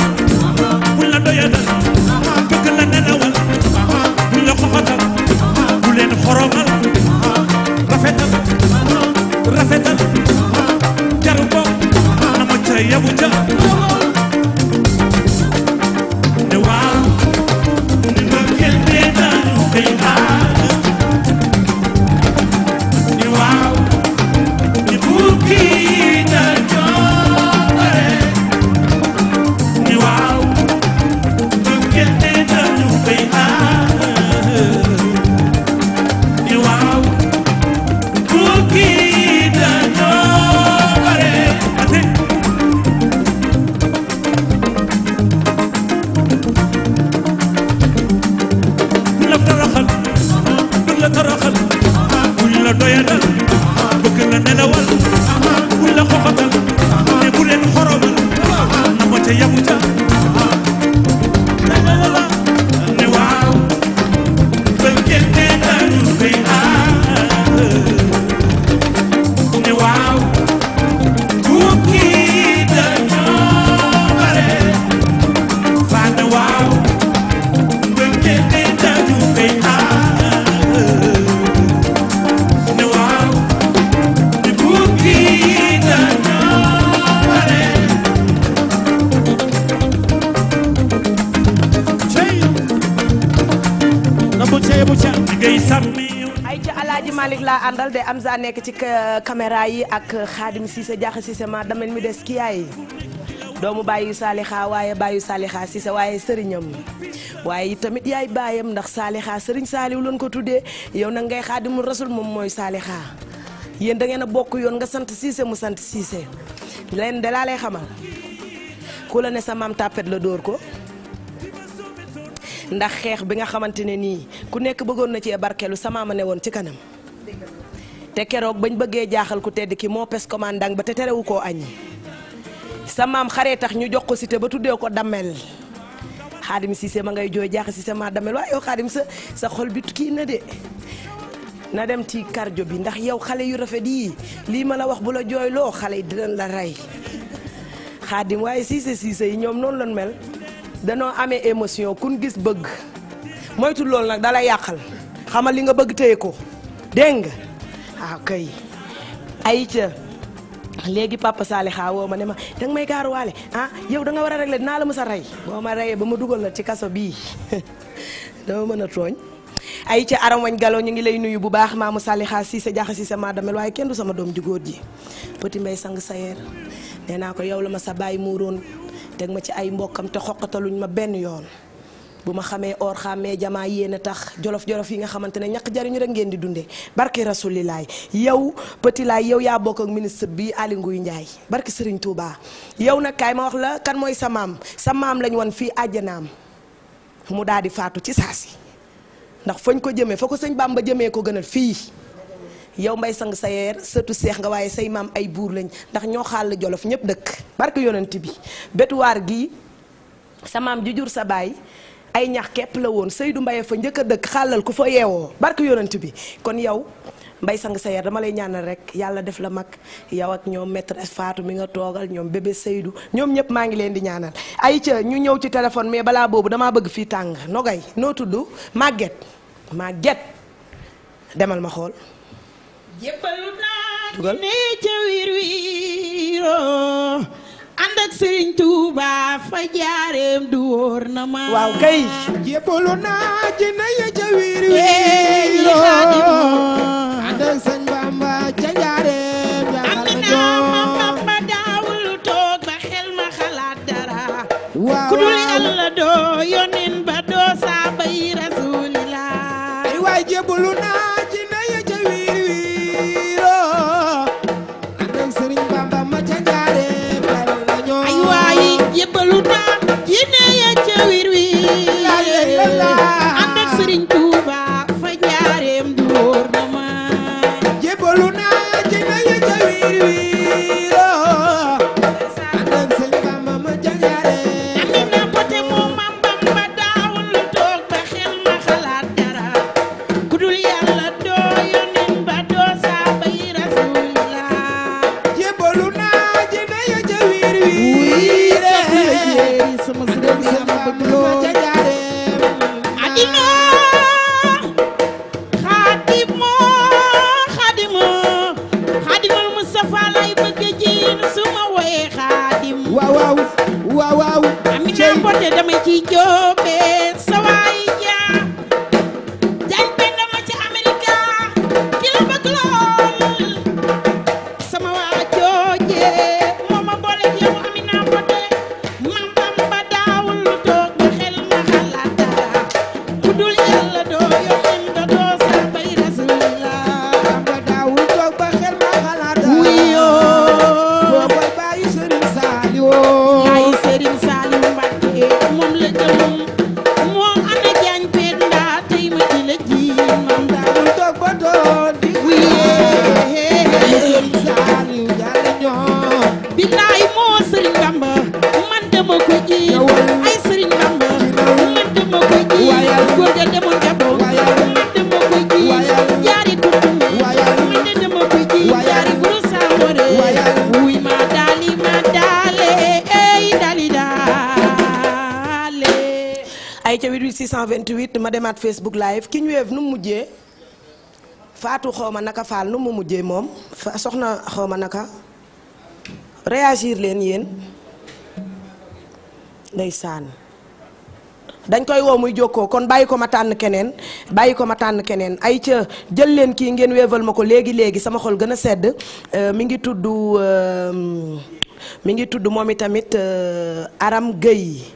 nekk ci caméra yi ak Xaadim Cissé Diakha Cissé ma damel mi des ki yaay doomu bàyyi saalixa waaye bàyyi saalixa Cissé waaye sëriñam waaye tamit yaay baayam ndax saalixa sëriñ saaliw loon ko tuddee yow nag ngay Xaadimul Rasul moom mooy saalixa yéen da ngeen a bokk yoon nga sant Cissé mu sant Cissé leen dalaa lay xamal ku la ne sa maam tàppet la dóor ko ndax xeex bi nga xamante ne nii ku nekk bëggoon na ci barkeelu sama ma ne woon ci kanam te keroog bañ bëggee jaaxal ku tedd ki moo pes commandant ba te terewu koo añ sa maam xaree tax ñu jox ko cité ba tuddee ko dammel xaadim Cissé ma ngay jooy jaaxal Cissé ma dammel waaye yow xaadim sa sa xol bi kii na na dem ci cardio bi ndax yow xale yu rafet yii lii ma la wax bu la jooyloo xale yi di la rey xaadim waaye Cissé Cissé yi ñoom noonu lañ mel danoo amee émotion kun gis bëgg moytu loolu nag dalay yàqal xamal li nga bëgg téye ko dégg nga waaw ah, kay ayca léegi papa Saliha woo ma ne ma danga may gaaruwaale ah yow danga war a régler dinaa la mës a rey boo ma reyee ba ma dugal la ci kaso bii dama mën a tooñ. ayca aram wañ galo ñu ngi lay nuyu bu baax maamu Saliha Cissé jaxa Cissé maa damel waaye kenn du sama doom ju góor ji petit mbay sang sayeer nee naa ko yow la ma sa bàyyi muuroon teg ma ci ay mbokkam te xoqataluñ ma benn yoon. bu ma xamee or xàmmee jamaa yéen a tax jolof-jolof yi nga xamante ne ñàkk jariñu rek ngeen di dundee barke rasulilaay yow Petit Laye yow yaa bokk ak ministre bi Aly Ngouille Ndiaye barke Serigne Touba yow nag kaay ma wax la kan mooy sa maam sa maam lañ won fii àjjanaam mu daal di faatu ci si ndax fañ ko jëmee foo ko sëñ baam ba jëmee ko gënal fii yow mbay sang sa yeer sëtu seex nga waaye say maam ay buur lañ ndax ñoo xàll jolof ñëpp dëkk barke yonent bi betuwaar gi sa maam jur sa baay ay ñax kepp la woon Seydou Mbaye fa njëkk dëkk xàllal ku fa yeewoo barke yonent bi kon yow mbay sang sa yar dama lay ñaanal rek yàlla def la mag yow ak ñoom maîtresse Fatou mi nga toogal ñoom bébé Seydou ñoom ñëpp maa ngi leen di ñaanal ay ca ñu ñëw ci téléphone mais balaa boobu dama bëgg fii tàng nogay noo tudd Maguette Maguette demal ma xool jëppalu naa ne ca wiir wiiroo ànd ak Serigne fa jaareem du wóor na ma. kay. jébbalu na ya ca wiir wiir. ànd ak sëñ Bamba ca jaareem. am na ma Bamba toog ba xel ma dara. waaw ku doo yonin ba doo saaba yi la te dama ci jóg 128 ma demaat Facebook live ki ñu weef nu mu mujjee faatu xawma naka faal nu mu mujjee moom soxna xawma naka réagir leen yéen ndeysaan dañ koy wow muy jokkoo kon bàyyi ko ma tànn keneen bàyyi ko ma tànn keneen ay ca jël leen kii ngeen weeval ma ko léegi léegi sama xol gën a sedd euh, mi ngi tudd euh, mi ngi tudd moom i tamit euh, Aram Gueye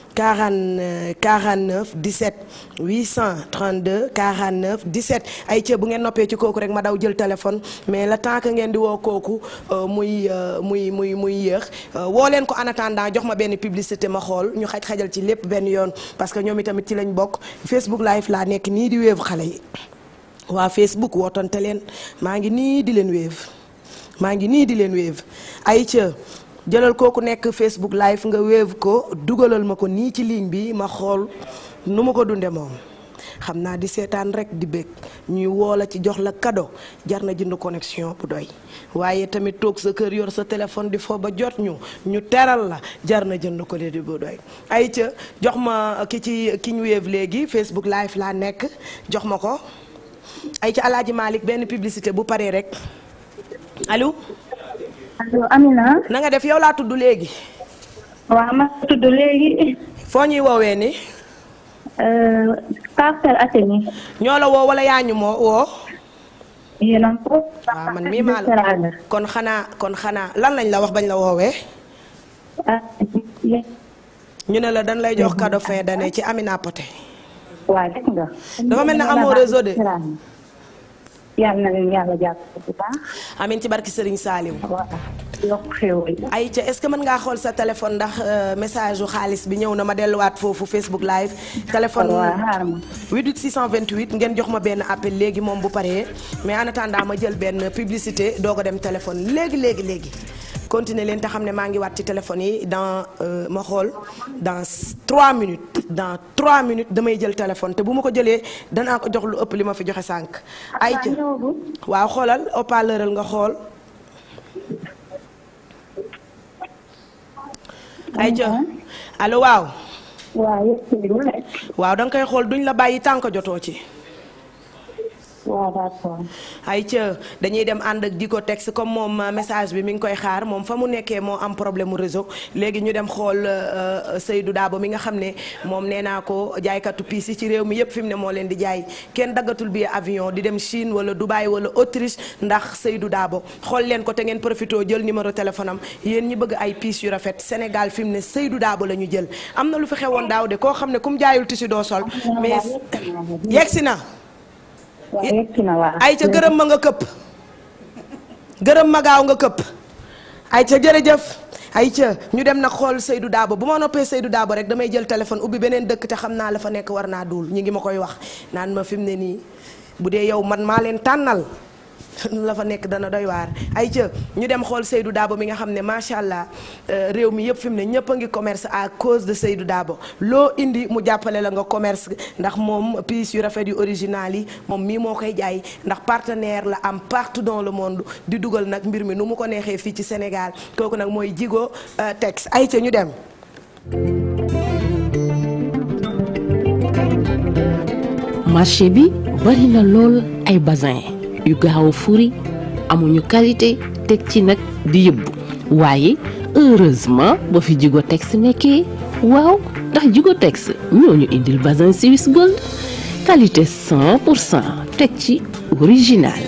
40 49 17 832 49 17 ay ca bu ngeen noppee ci kooku rek ma daw jël téléphone mais la temps que ngeen di woo kooku euh, muy euh, muy muy muy yéex euh, woo leen ko en attendant jox ma benn publicité ma xool ñu xaj-xajal ci lépp benn yoon parce que ñoom itamit ci lañ bokk Facebook live laa nekk nii di wéevu xale yi waa Facebook wootante leen maa ngi nii di leen wéev maa ngi nii di leen wéev ay ca jëlal kooku nekk Facebook live nga wéev ko dugalal ma ko nii ci ligne bi ma xool nu ma ko dundee moom xam naa di seetaan rek di bëgg ñuy woola ci jox la cadeau jar na jënd connexion bu doy waaye tamit toog sa kër yor sa téléphone di fo ba jot ñu ñu teral la jar na jënd ko léegi bu doy. ay ca jox ma ki ci ki ñu wéev léegi Facebook live laa nekk jox ma ko ay ca Alaaji Malick benn publicité bu paree rek allo. allo Amina. na def yow laa tuddu léegi. waaw ma tudd léegi. foo ñuy woowee ni. Euh, Parcelles Assainies. ñoo la woo wala yaa ñu moo woo. yéen a ko. waaw man mii maa la kon xanaa kon xanaa lan lañ la wax bañ la woowee. Ah, ñu ne la dañ lay jox cadeau fin d'année ci Amina Poté. waaw dégg nga. dafa mel ne amoo réseau de. yàlla na leen yàlla jàppale bu baax. amiin ci barki Serigne Saliou. voilà yokk xéwal. Aïcha est-ce que mën ngaa xool sa téléphone ndax euh, message su xaalis bi ñëw na ma delluwaat foofu Facebook live. téléphone waaw xaaral ma. 88 628 ngeen jox ma benn appel léegi moom bu paree mais en attendant ma jël benn publicité doo ko dem téléphone léegi léegi léegi. continuer leen te xam ne maa ngi waat ci téléphone yi dans euh, ma xool dans 3 minutes dans 3 minutes damay jël téléphone te bu ma ko jëlee danaa ko jox lu ëpp li ma fi joxe sànq. ay ca waaw xoolal haut-parleur nga xool. ay ca allo waaw. waaw da nga koy xool duñ la bàyyi tànk jotoo ci. waaw d'accord. ayca dañuy dem ànd ak Dico Tex comme moom euh, message bi mi ngi koy xaar moom fa mu nekkee moo am problème mu réseau léegi ñu dem xool euh, euh, Seydou Dabo mi nga xam ne moom nee naa ko jaaykatu piis yi ci réew mi yëpp fi mu ne moo leen di jaay kenn daggatul bi avion di dem Chine wala Dubaï wala autrice ndax Seydou daabo xool leen ko te ngeen profité jël numéro téléphone am yéen ñi bëgg ay piis yu rafet Sénégal fi mu ne Seydou Dabo la ñu jël am na lu fi xewoon daaw de koo xam ne kum jaayul tissu doo sol mais ay ca gërëm ma nga këpp gërëm ma gaaw nga këpp ay ca jërëjëf ay ca ñu dem nag xool Seydou Dabo bu ma noppee Seydou Dabo rek damay jël téléphone ubbi beneen dëkk te xam naa la fa nekk war naa duul ñu ngi ma koy wax naan ma fi mu ne nii bu dee yow man maa leen tànnal la fa nekk dana doy waar ay ca ñu dem xool Seydou daabo mi nga xam ne macha allah euh, réew mi yëpp fi mu ne ñëpp a ngi commerce à cause de Seydou daabo loo indi mu jàppale la nga commerce ndax moom pièces yu rafet yu original yi moom mii moo koy jaay ndax partenaire la am partout dans le monde di dugal nag mbir mi nu mu ko neexee fii ci Sénégal kooku nag mooy Djigo euh, Tex ay ca ñu dem. marché bi bari lool ay basin. yu gaaw a furi amuñu qualité teg ci nag di yëbbu waaye heureusement ba fi Jigotex nekkee waaw ndax Jigotex ñoo ñu indil bazin Swiss Gold qualité 100 pour cent teg ci original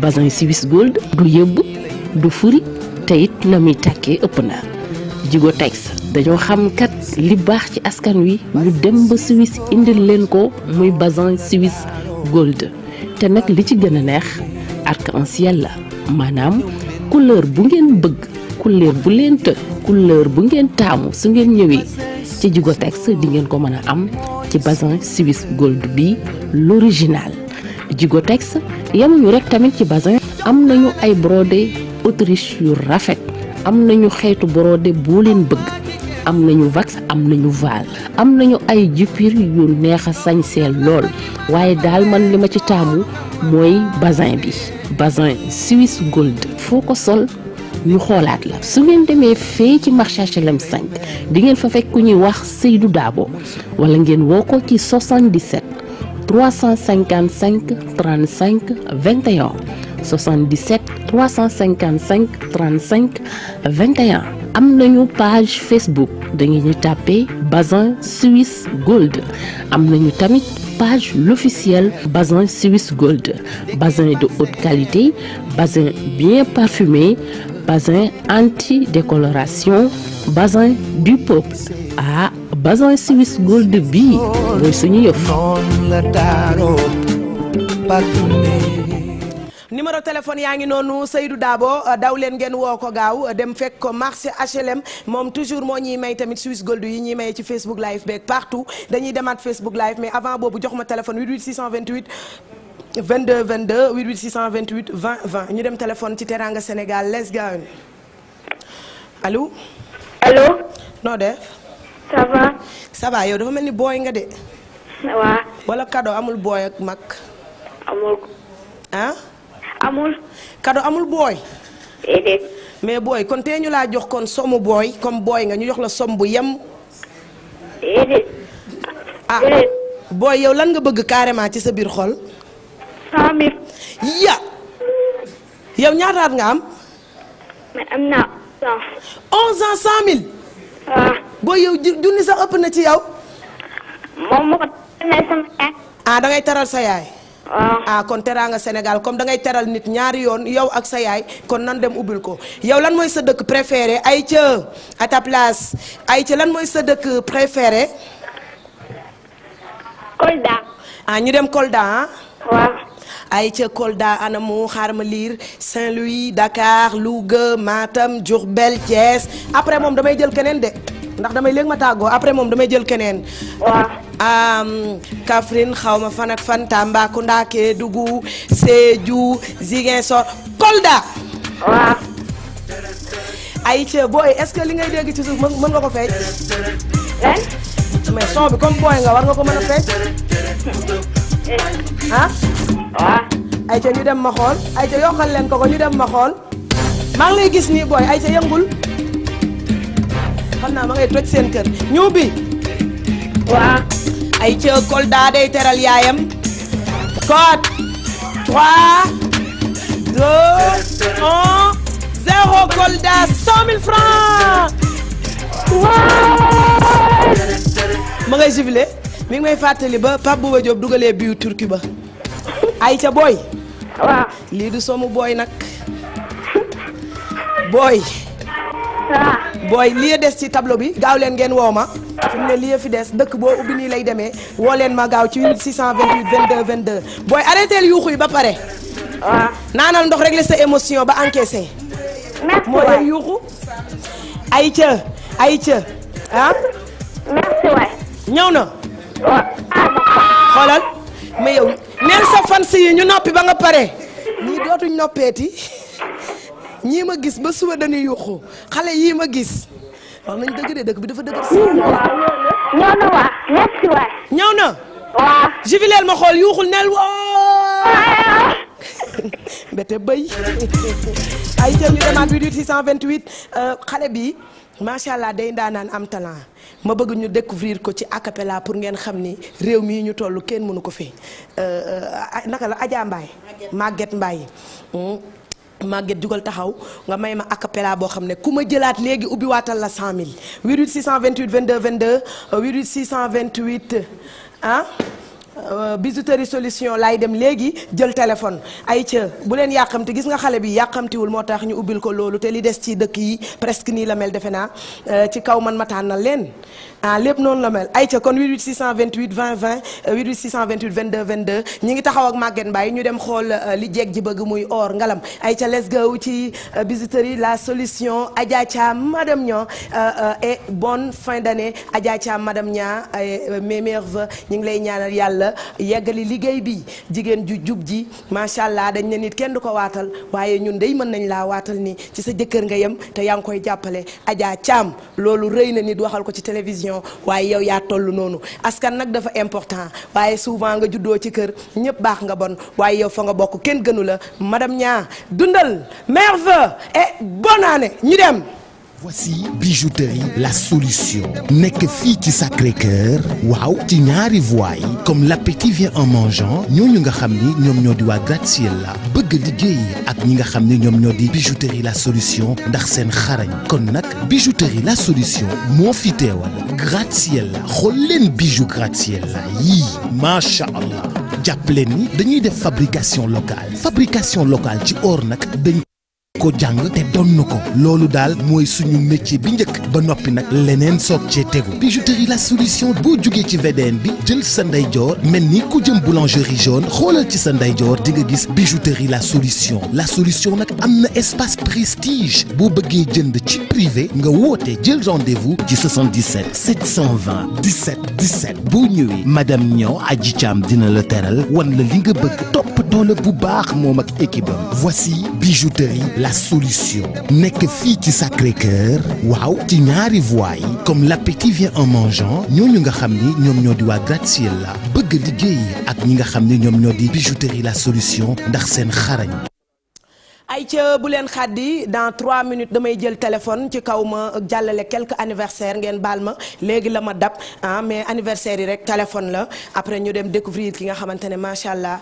bazin Swiss Gold du yëbb du furi te it na muy tàkkee ëpp na Jigotex dañoo xamkat kat li baax ci askan wi ñu dem ba Suisse indil leen ko muy bazin Swiss Gold. te nag li ci gën a neex arc en la maanaam couleur bu ngeen bëgg couleur bu leen të couleur bu ngeen taamu su ngeen ñëwee ci Jigotex di ngeen ko mën a am ci bazin Swiss Gold bi l'original Jigotex yemuñu rek tamit ci bazin am nañu ay brodé autriche yu rafet am nañu xeetu brodé boo leen bëgg am nañu vax am nañu vaal am nañu ay jupir yu neex a sañseel lool waaye daal man li ma ci taamu mooy basin bi bazin Swiss Gold foo ko sol ñu xoolaat la su ngeen demee fee ci marché HLM 5 di ngeen fa fekk ñuy wax Seydou daabo wala ngeen woo ko ci 77 355 35 21 77 355 35 21 am nañu page Facebook da ngeen di tàppee Bazin Gold am nañu tamit page l'officiel Bazin Suisse Gold bazin de haute qualité bazin bien parfumé bazin anti décoloration bazin du peuple ah Bazin Suisse Gold bii mooy suñu yëf. numéro téléphone yaa ngi noonu Seydou Dabo euh, daw leen ngeen woo ko gaaw euh, dem fekk ko marché HLM moom toujours moo ñuy may tamit Suisse Gold yi ñuy maye ci Facebook live beeg partout dañuy demaat Facebook live mais avant boobu jox ma téléphone 88 628. 22 22 88 628 20 20 ñu dem téléphone ci Teranga Sénégal les gars allo. allo. noo def. ça va. yow dafa mel ni booy nga de. waaw. wala kado amul booy ak mag. amul. amul. kado amul booy. mais booy kon tey ñu laa jox kon somu booy comme booy nga ñu jox la som bu yem. déedéet. ah booy yow lan nga bëgg carrément ci sa biir xol. ya yow ñaataat nga am. mais am naa 11 ans. 11 ans 100000. booy yow junni sa ëpp na ci yow. moom moo ko ah da ngay taral sa yaay. Ah. ah kon teraanga Sénégal comme da ngay teral nit ñaari yoon yow ak sa yaay kon nan dem ubbil ko yow lan mooy sa dëkk préféré Aïcha à ta place Aïcha lan mooy sa dëkk préféré. Kolda. ah ñu dem Kolda ah. waaw. Aïcha Kolda anamu xaaral ma liir Saint-Louis Dakar Louga Matam Diourbel Thiès après moom damay jël keneen de. ndax damay léegi ma tàggoo après moom damay jël keneen. waaw. Kaffrine xaw ma fan ak fan Tambacounda Kédougou Sédhiou Ziguinchor Kolda. waaw. ayca booy est-ce que li ngay dégg ci suuf mën nga ko fecc. mais son bi comme booy nga war nga ko mën a fecc. ah. waaw. ayca ñu dem ma xool ayca yokkal leen ko ko ñu dem ma xool. maa ngi lay gis nii booy ayca yëngul. xam naa ma ngay toj seen kër ñëw bi waaw ay ca day teral yaayam code 3 2 1 0 Kolda 100 francs ma ngay jubilé mi may fàttali ba Pape Bouba Diop dugalee biu turki ba ay ca booy lii du somu booy nag booy booy liy des ci tableau bi gaaw leen ngeen woo ma fi mu ne liy fi des dëkk boo ubbi nii lay demee woo leen ma gaaw ci 628 22 22 booy arrêté yuuxu yi ba pare. naanal ndox régler sa émotion ba encaissé. merci moo lay yuuxu. ay ca ah. ñëw na. xoolal mais yow neel sa fans yi ñu noppi ba nga pare ñii dootuñ noppeeti. ñii ma gis ba suba dañuy yuuxu xale yii ma gis wax nañ dëgg dëkk bi dafa dëgg. ñëw na waaw ñëw na waaw merci ma xool yuuxul nel woo. mbete bëy ay jël euh, xale bi macha allah day ndaanaan am ma bëgg ñu découvrir ko ci acapella pour ngeen xam ni réew mi ñu toll kenn mënu ko fi euh, euh, naka la Adja Mbaye Maguette Mbaye hmm. Maguette jugal taxaw nga may ma acapella boo xam ne ku ma jëlaat léegi ubbi waatal la 100000 88 628 22 22 88 628 ah euh, Bijouterie solution laay dem léegi jël téléphone ay ca bu leen yàqamti gis nga xale bi yàqamtiwul moo tax ñu ubbil ko loolu te li des ci dëkk yi presque nii la mel defe naa euh, ci kaw man mataan na leen ah lépp noonu la mel ayca kon 88 628 20 20 88 628 22 22 ñi ngi taxaw ak Maguette Mbaye ñu dem xool euh, li jeeg ji bëgg muy or ngalam ayca let's go ci euh, bijouterie la solution Adja Thiam madame Niang euh, et bonne fin d'année Adja Thiam madame Niang mes meilleurs vœux ñu ngi lay ñaanal yàlla yeggali liggéey bi jigéen ju jub ji macha allah dañ ne nit kenn du ko waatal waaye ñun dey mën nañ laa waatal ni ci sa jëkkër nga yem te yaa ngi koy jàppale Adja Thiam loolu rëy na nit waxal ko ci télévision. millions waaye yow yaa toll noonu askan nag dafa important waaye souvent nga juddoo ci kër ñëpp baax nga bon waaye yow fa nga bokk kenn gënu la madame ñaa dundal merveille et bonne année ñu dem voici bijouterie la solution nekk fii ci Sacré-Cœur waaw ci ñaari voies yi comme l'appétit vient en mangeant ñooñu nga xam ni ñoom ñoo di waa gratte la bëgg liggéey ak ñi nga xam ni ñoom ñoo di bijouterie la solution ndax seen xarañ kon nag bijouterie la solution moo fi teewal gratte la xool leen bijou gratte la yii macha allah jàpp leen ni dañuy def fabrication locale fabrication locale ci or nag dañ ko jàng te donn ko loolu daal mooy suñu métier bi njëkk ba noppi nag leneen soog cee tegu bijouterie la solution boo jógee ci VDN bi jël sa ndeyjoor mel ni ku jëm boulangerie jaune xoolal ci sa ndeyjoor di nga gis bijouterie la solution la solution nag am na espace prestige boo bëggee jënd ci privé nga woote jël rendez-vous ci 77 720 17 17 boo ñëwee madame Niang Adji Thiam dina la teral wan la li nga bëgg toppatoo la bu baax moom ak équipe am voici bijouterie la solution nekk fii ci Sacré-Cœur waaw ci ñaari voies yi comme l'appétit vient en mangeant ñooñu nga xam ni ñoom ñoo di waa gratte-ciel la bëgg liggéey ak ñi nga xam ni ñoom ñoo di bijouterie la solution ndax seen xarañ ay ca bu leen xaddi dans trois minutes damay jël téléphone ci kaw ma jàllale quelques anniversaire ngeen baal ma léegi la ma dab ah mais anniversaire yi rek téléphone la après ñu dem découvrir ki nga xamante ne macha allah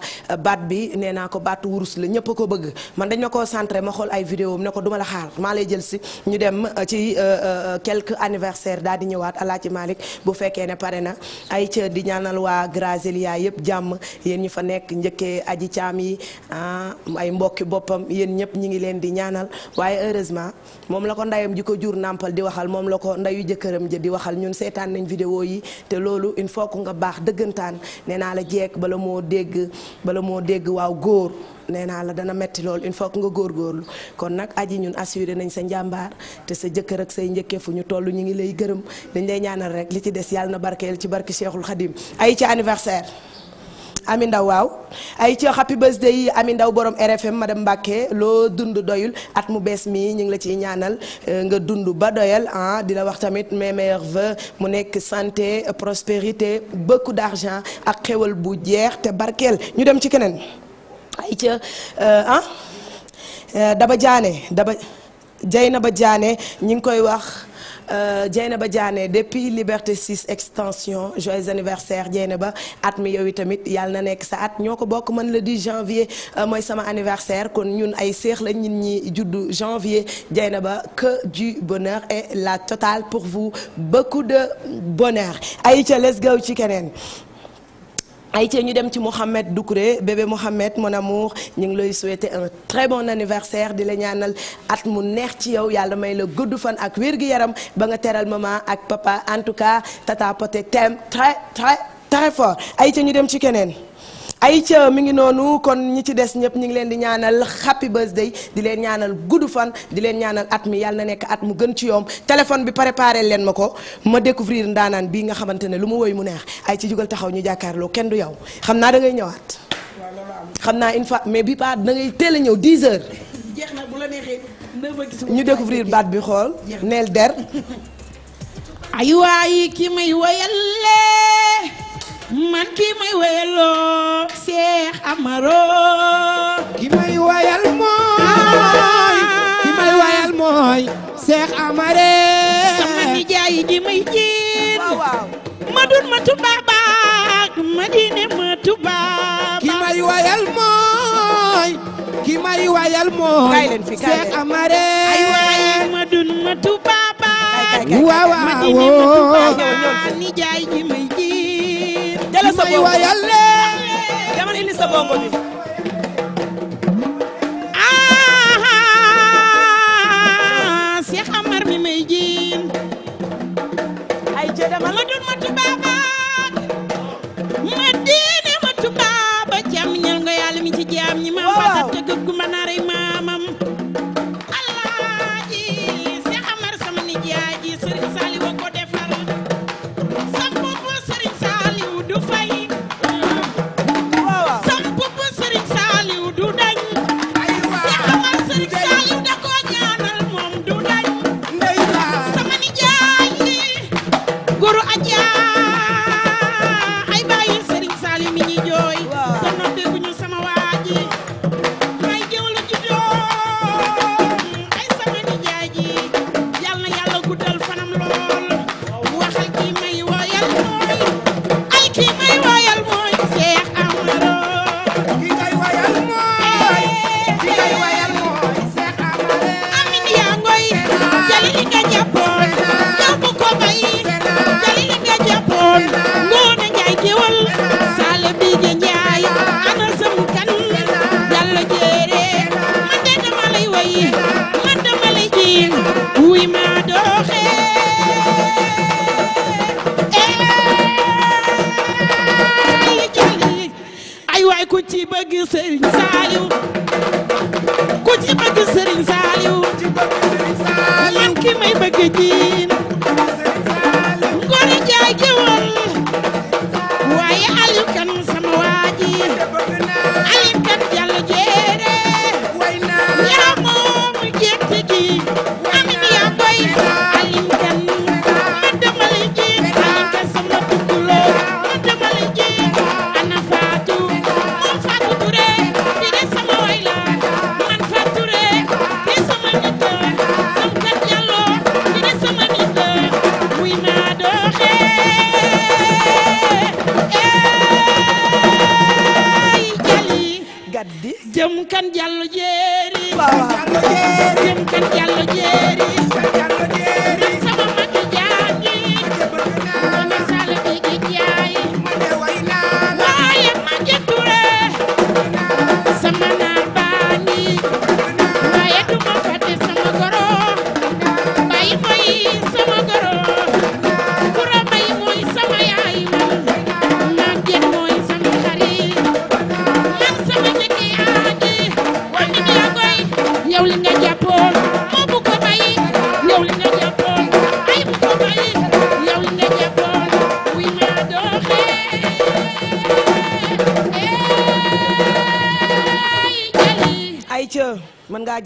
baat bi nee naa ko baatu wurus la ñëpp a ko bëgg man dañ ma koo centré ma xool ay vidéo am ne ko duma la xaar maa lay jël si ñu dem uh, ci uh, uh, quelque anniversaire daal di ñëwaat alaaji Malick bu fekkee ne pare na ay ca di ñaanal waa Grazilia yëpp jàmm yéen ñu fa nekk njëkkee aji caam yi ah, ay mbokki boppam yéen ñëpp ñi ngi leen di ñaanal waaye heureusement moom la ko ndayam ji ko jur nàmpal di waxal moom la ko ndayu jëkkëram ja di waxal ñun seetaan nañ vidéo yi te loolu il faut que nga baax dëggantaan nee naa la jeeg bala moo dégg bala moo dégg waaw góor nee naa la dana metti loolu il faut que nga góorlu kon nag aji ñun assuré nañ sa njàmbaar te sa jëkkër ak say njëkkee fu ñu toll ñu ngi lay gërëm dañ lay ñaanal rek li ci des yàlla na barkeel ci barki Cheikhul Khadim ay ci anniversaire Ami Ndaw waaw ay ci happy birthday yi Ami Ndaw borom RFM dem Mbacke loo dund doyul at mu bees mii ñu ngi la ci ñaanal euh, nga dund ba doyal ah di wax tamit mes meilleurs vœux mu nekk santé prospérité beaucoup d'argent ak xéwal bu jeex te barkeel ñu dem ci keneen ay ca euh, ah euh, Daba Diané Daba Dieynaba Diané ñu ngi koy wax. Euh, ba Diané depuis Liberté 6 extension joyeux anniversaire Dieynaba at mi yow tamit yàlla na nekk sa at ñoo ko bokk man le 10 janvier euh, mooy sama anniversaire kon ñun ay séex la ñun ñi juddu janvier Dieynaba que du bonheur et la totale pour vous beaucoup de bonheur ayca let's go ci keneen ayca ñu dem ci Mouhamed Doucouré bébé Mouhamed mon amour ñu ngi lay souhaiter un très bon anniversaire di la ñaanal at mu neex ci yow yàlla may la gudd fan ak wér gi yaram ba nga teral maman ak papa en tout cas tata Poté t'aime très très très fort ayca ñu dem ci keneen. ayca mi ngi noonu kon ñi ci des ñëpp ñu ngi leen di ñaanal xappi birthday di leen ñaanal gudd fan di leen ñaanal at mi yàlla na nekk at mu gën ci yoom téléphone bi préparé leen ma ko ma découvrir ndaanaan bii nga xamante ne lu mu woy mu neex ay ci jugal taxaw ñu jàkkaarloo kenn du yow xam naa da ngay ñëwaat. xam naa une fois mais bi pa da ngay teel a ñëw 10 heures. jeex na bu ñu découvrir baat bi xool neel der. ay waay ki may woyal man ki may wayaloo Cheikh Amaro ki may wayal mooy ki may wayal mooy Cheikh Amare sama nijaay ji may jiin ma dun ma tubaabak ma diine ma tubaabak may wayal mooy ki ma dun ma tubaabak nijaay ji may dala sa bongo sa bongo bi ah Cheikh mi may jiin ay je dama la doon ma tubaaba ma diine ma tubaaba jàmm ñal nga yàlla mi ci jaam ñi ma batat te gëggu ma naray maam géej gi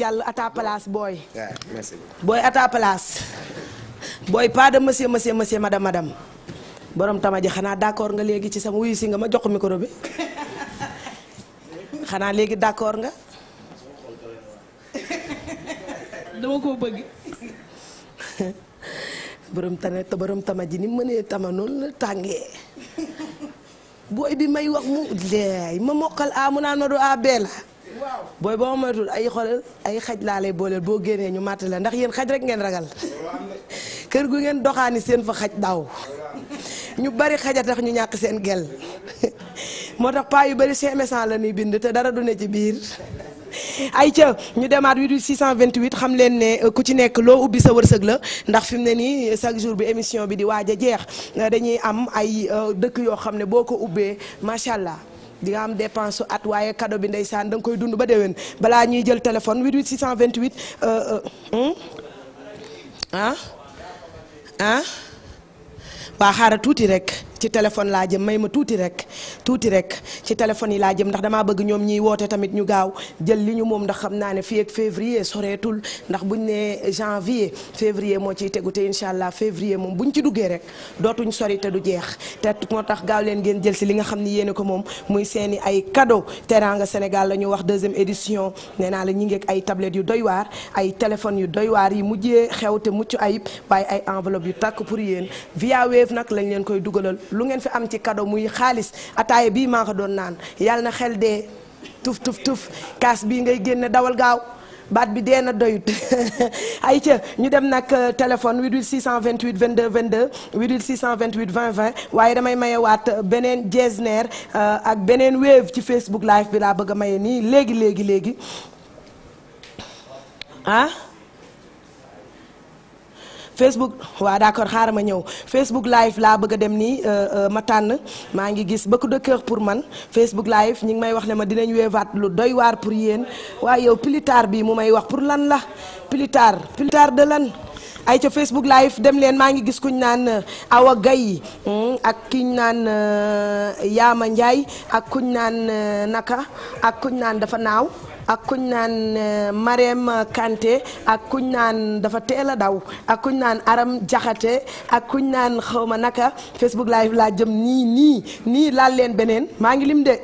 Abba ataa à ta booy. waaw booy à ta place booy pas de monsieur monsieur monsieur madame borom tama ji xanaa d'accord nga léegi ci sama wuyu si nga ma jox micro bi xanaa léegi d'accord nga. dama ko bëgg. borom tama ji ni mu mënee tama noonu la tàngee. booy bi may wax mu leey ma mokkal a mu naan ma du a booy ba ma moytul ay xoolal ay xaj laa lay booleel boo génnee ñu màtt la ndax yéen xaj rek ngeen ragal kër gu ngeen doxaani seen fa xaj daaw ñu bari xaj a tax ñu ñàkk seen gel moo tax paa yu bari cinq cent la ñuy bind te dara du ne ci biir ay ca ñu demaat wi vingt 628 xam leen ne ku ci nekk loo ubbi sa wërsëg la ndax fi mu ne nii chaque jour bi émission bi di waaj a jeex dañuy am ay euh, dëkk yoo xam ne boo ko ubbee macha allah. di nga am dépense su at waaye cadeau bi ndeysaan da nga koy dund ba déwén balaa ñuy jël téléphone 88 628 euh, euh, hmm? ah ah waa xaaral tuuti rek. ci téléphone laa jëm may ma tuuti rek tuuti rek ci téléphone yi laa jëm ndax damaa bëgg ñoom ñiy woote tamit ñu gaaw jël li ñu moom ndax xam naa ne fii ak février soreetul ndax bu buñ ne janvier février moo ciy tegu incha allah février moom buñ ci duggee rek dootuñ sori te du jeex te moo tax gaaw leen ngeen jël si li nga xam ni yéene ko moom muy seeni ay cadeau teranga Sénégal la ñu wax deuxième édition nee naa la ñi ngeek ay tablettes yu doy waar ay téléphones yu doy waar yi mujjee xew te mucc ayib waaye ay enveloppe yu tàkk pour yéen via Wave nag lañ leen koy dugalal lu ngeen fi am ci kado muy xaalis ataaya bii maa ko doon naan yàlla na xel dee tuf tuf tuf kaas bii ngay génn dawal gaaw baat bi dee na doyut ay ca ñu dem nag euh, téléphone 88628 22 22 88628 20 20 waaye damay maye waat euh, beneen jesner euh, ak beneen wave ci Facebook live bi laa bëgg a maye nii léegi léegi léegi ah? Facebook waa d'accord xaaral ma ñëw Facebook live laa bëgg a dem nii euh, euh, ma tànn maa ngi gis beaucoup de cœur pour man Facebook live ñi ngi may wax ne ma dinañ weevaat lu doy waar pour yéen waaye yow plus tard bi mu may wax pour lan la plus tard plus tard de lan. ay ca Facebook live dem leen maa ngi gis kuñ naan euh, Awa Gaye hmm, ak kiñ naan euh, Yaama Ndiaye ak kuñ naan euh, Naka ak kuñ naan dafa naaw ak kuñ naan Marème kante ak kuñ naan dafa teel a daw ak kuñ naan Aram Jaxate ak kuñ naan xawma naka Facebook live laa jëm nii nii nii laal leen beneen maa ngi lim de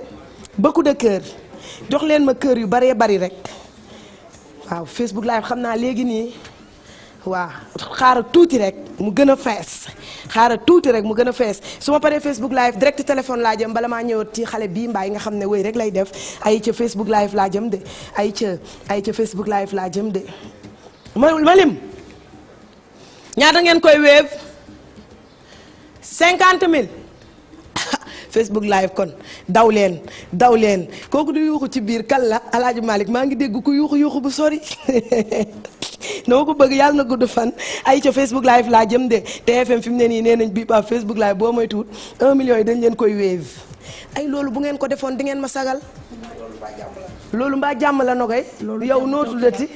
beaucoup de cœur jox leen ma kër yu baree bari rek waaw Facebook live xam naa léegi nii waaw xaaral tuuti rek mu gën a fees xaaral tuuti rek mu gën a fees su ma paree Facebook live direct téléphone laa jëm bala maa ñëwat ci xale bi mbaa yi nga xam ne wéy rek lay def ay ca Facebook live laa jëm de ay ca ay ca Facebook live laa jëm de ma ñaata ngeen koy wéev cinquante mille Facebook live kon daw leen daw leen kooku du yuuxu ci biir kan la Alaaji Malick maa ngi dégg ku yuuxu yuuxu bu sori dama ko bëgg yàlla na gudd fan ay ca Facebook live laa jëm de TFM fi mu ne nii nee nañ bii ba Facebook live boo moytuwul 1 million yi dañ leen koy wéev ay loolu bu ngeen ko defoon di ngeen ma sagal. loolu mbaa jàmm la nogay. loolu yow noo tuddati.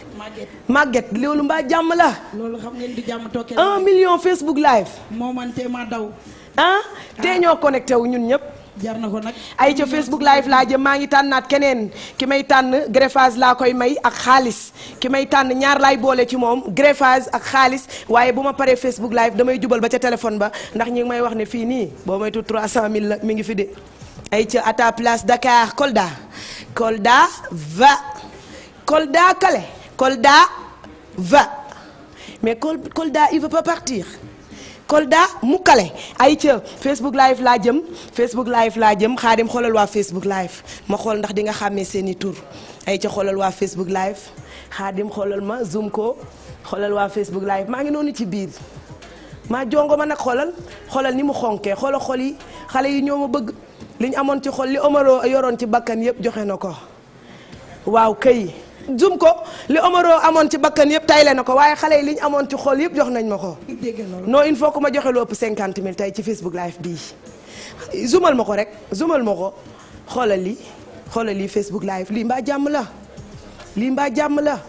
màgget loolu mbaa jàmm la. loolu xam ngeen di jàmm tokkee. 1 million Facebook live. moo man tee ma ah tee ñoo connecté wu ñun ñëpp. jar na ko nag ay ca Facebook live laa jëm maa ngi tànnaat keneen ki may tànn greffage laa koy may ak xaalis ki may tànn ñaar laay boole ci moom greffage ak xaalis waaye bu ma paree Facebook live damay jubal ba ca téléphone ba ndax ñi ngi may wax ne fii nii boo may tuut 300000 la mu ngi fi de. ay ca à ta place Dakar Kolda Kolda va Kolda kale Kolda va mais Kolda il veut partir. Kolda Mukale ayca Facebook live laa jëm Facebook live laa jëm xaadim xoolal waa Facebook live ma xool ndax dinga nga xàmmee seen i tur ayca xoolal waa Facebook live xaadim xoolal ma zoom ko xoolal waa Facebook live maa ngi noonu ci biir maa jongo ma nag xoolal xoolal ni mu xonkee xoolal xol yi xale yi ñoo ma bëgg li ñu amoon ci xol li Omaro yoroon ci bakkan yëpp joxe na ko waaw kay. jum ko li Omaro amoon ci bakkan yëpp tayle na ko waaye xale yi amoon ci xol yëpp jox nañ ma ko. non il faut que ma joxe lu ëpp cinquante mille tey ci Facebook ma ko rek zumal ma ko xoolal lii xoolal lii Facebook live lii mbaa jàmm la lii jàmm la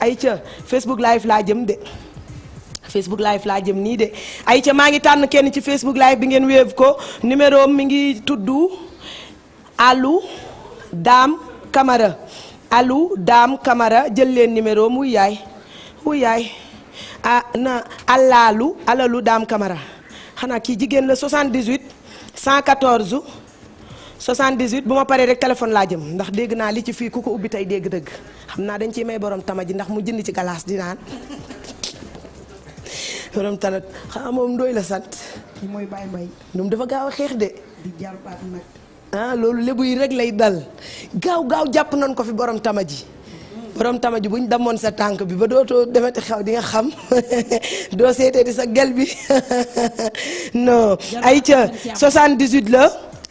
ay ca Facebook live laa jëm de. Facebook live laa jëm nii de ayca maa ngi tànn kenn ci Facebook live bi ngeen wéev ko numéro mi ngi tudd Alou daam Camara Alou daam Camara jël leen numéro mu yaay wu yaay ah na Alalu Alalu Dame Camara xanaa kii jigéen la 78 114 78 bu ma paree rek téléphone laa jëm ndax dégg naa li ci fii ku ko ubbi tey dégg dëgg xam naa dañ ciy may borom tama ji ndax mu jënd ci galaas di naan borom tama xam moom ndooy la sant. mooy dafa gaaw a xeex de. ah loolu lébu yi rek lay dal gaaw gaaw jàpp nañ ko fi borom tama tamaji borom tamaji buñ damoon sa tànk bi ba dootoo demati xew di nga xam doo seetee di sa gel bi ay non. ayca 78 la.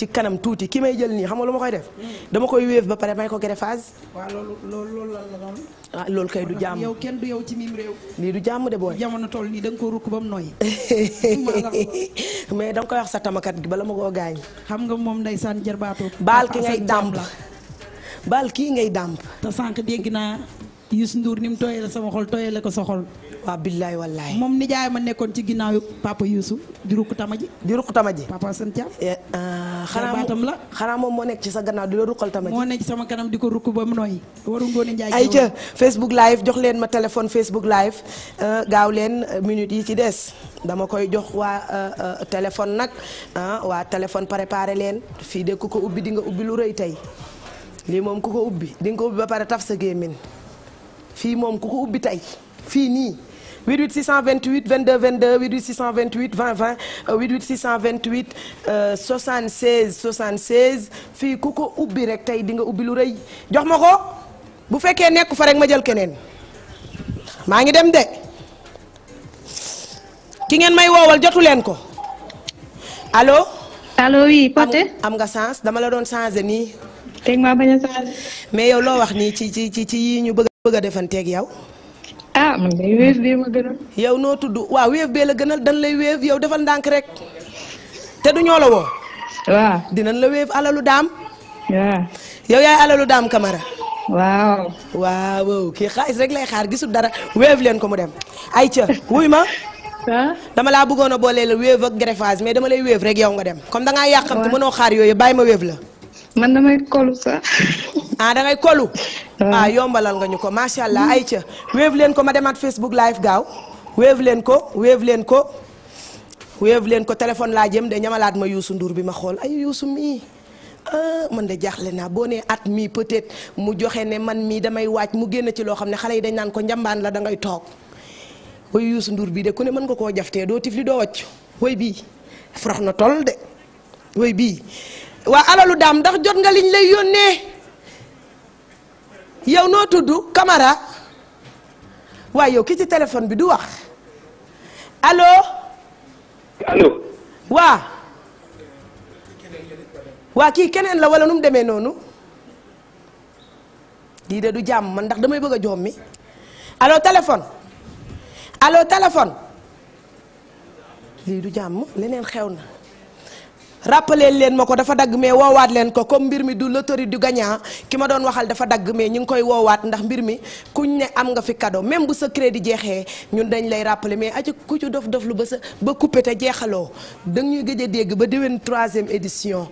ci kanam tuuti ki may jël nii xam nga lu ma koy def. dama koy wéef ba pare may ko greffage. waaw loolu loolu loolu la doon. ah loolu kay du jàmm yow kenn du yow ci mim réew. lii du jàmm de booy. jamono toll nii da nga rukk ba mu nooy. mais da koy wax sa tamakat gi bala ma koo gaañ. xam nga moom ndeysaan jarbaatu. baal ki ngay dàmp baal kii ngay dàmp. te sànq dégg naa Youssou Ndour ni mu tooyale sama xol tooyale ko sa xol. waa billaay wallaay moom nijaay ma nekkoon ci ginnaaw papa Youssou di tama Tamaji di tama ji papa Assane Thiam eh, euh, xanaa baatam la xanaa moom moo nekk ci sa gannaaw di la ruqal Tamaji moo nekk ci sama kanam di ko rukk ba mu nooy waru ngoone Njaay ay ca Facebook live jox leen ma téléphone Facebook live euh, gaaw leen euh, minutes yi ci des dama koy jox waa téléphone nag ah, waa téléphone préparé leen fii de ku ko ubbi di nga ubbi lu rëy tey lii moom ku ko ubbi di nga ko ubbi ba pare taf sa gémmiñ fii moom ku ko ubbi tey fii nii vingt 88 628 22 22 88 628 20 20 88 628 76 76 fii ku ko ubbi rek tey di nga ubbi lu rëy jox ma ko bu fekkee nekk fa rek ma jël keneen maa ngi dem de ki ngeen may woowal jotu leen ko allo. allo oui Poté. am nga sens dama la doon changé nii. teg maa bañ a mais yow loo wax nii ci ci ci ci ñu bëgg a bëgg a defanteeg yow. ah man de wéef bee ma gënal. yow noo tudd waaw wéef bee la gënal dan lay wéef yow defal ndànk rek te du ñoo la woo. waaw dinañ la wéef alalu daam. waaw yow yaay alalu daam kamara. waaw. waaw kii xaalis rek lay xaar gisul dara wéef leen ko mu dem ay ca wuy ma. ah. dama laa bëggoon boole la wéef a greffage mais dama lay wéef rek yow nga dem comme da ngaa yàqamti noo xaar yooyu bàyyi ma wéef la. man damay kolu sax. ah da ngay kolu. Ah. ah yombalal nga ñu ko macha allah ayca wéev leen ko ma demaat Facebook live gaaw wéev leen ko wéev leen ko wéev leen ko téléphone laa jëm de ñamalaat ma yuusu nduur bi ma xool ay yuusu mii. ah man de jaaxle naa boo nee at mii peut-être mu joxe ne man mii damay waaj mu génn ci loo xam ne xale yi dañ naan ko njambaan la da ngay toog way yuusu nduur bii de ku ne mën nga koo jaftee doo tifli doo wacc way bii forox na toll de way bii waa alalu daam ndax jot nga liñ lay yónnee yow noo tudd Camara waaye yow ki ci téléphone bi du wax allo. waa. waa kii keneen la wala nu mu demee noonu lii de du jàmm man ndax damay bëgg a joom mi allo téléphone allo lii du jàmm leneen xew na. rappelé leen ma ko dafa dagg mais woowaat leen ko comme mbir mi du loterie du gañaa ki ma doon waxal dafa dagg mais ñu ngi koy woowaat ndax mbir mi ku kuñ ne am nga fi cadeau même bu sa crédit jeexee ñun dañ lay rappelé mais aca ku ci dof dof lu ba sa ba coupé te jeexaloo da ñuy gëj dégg ba déwén troisième édition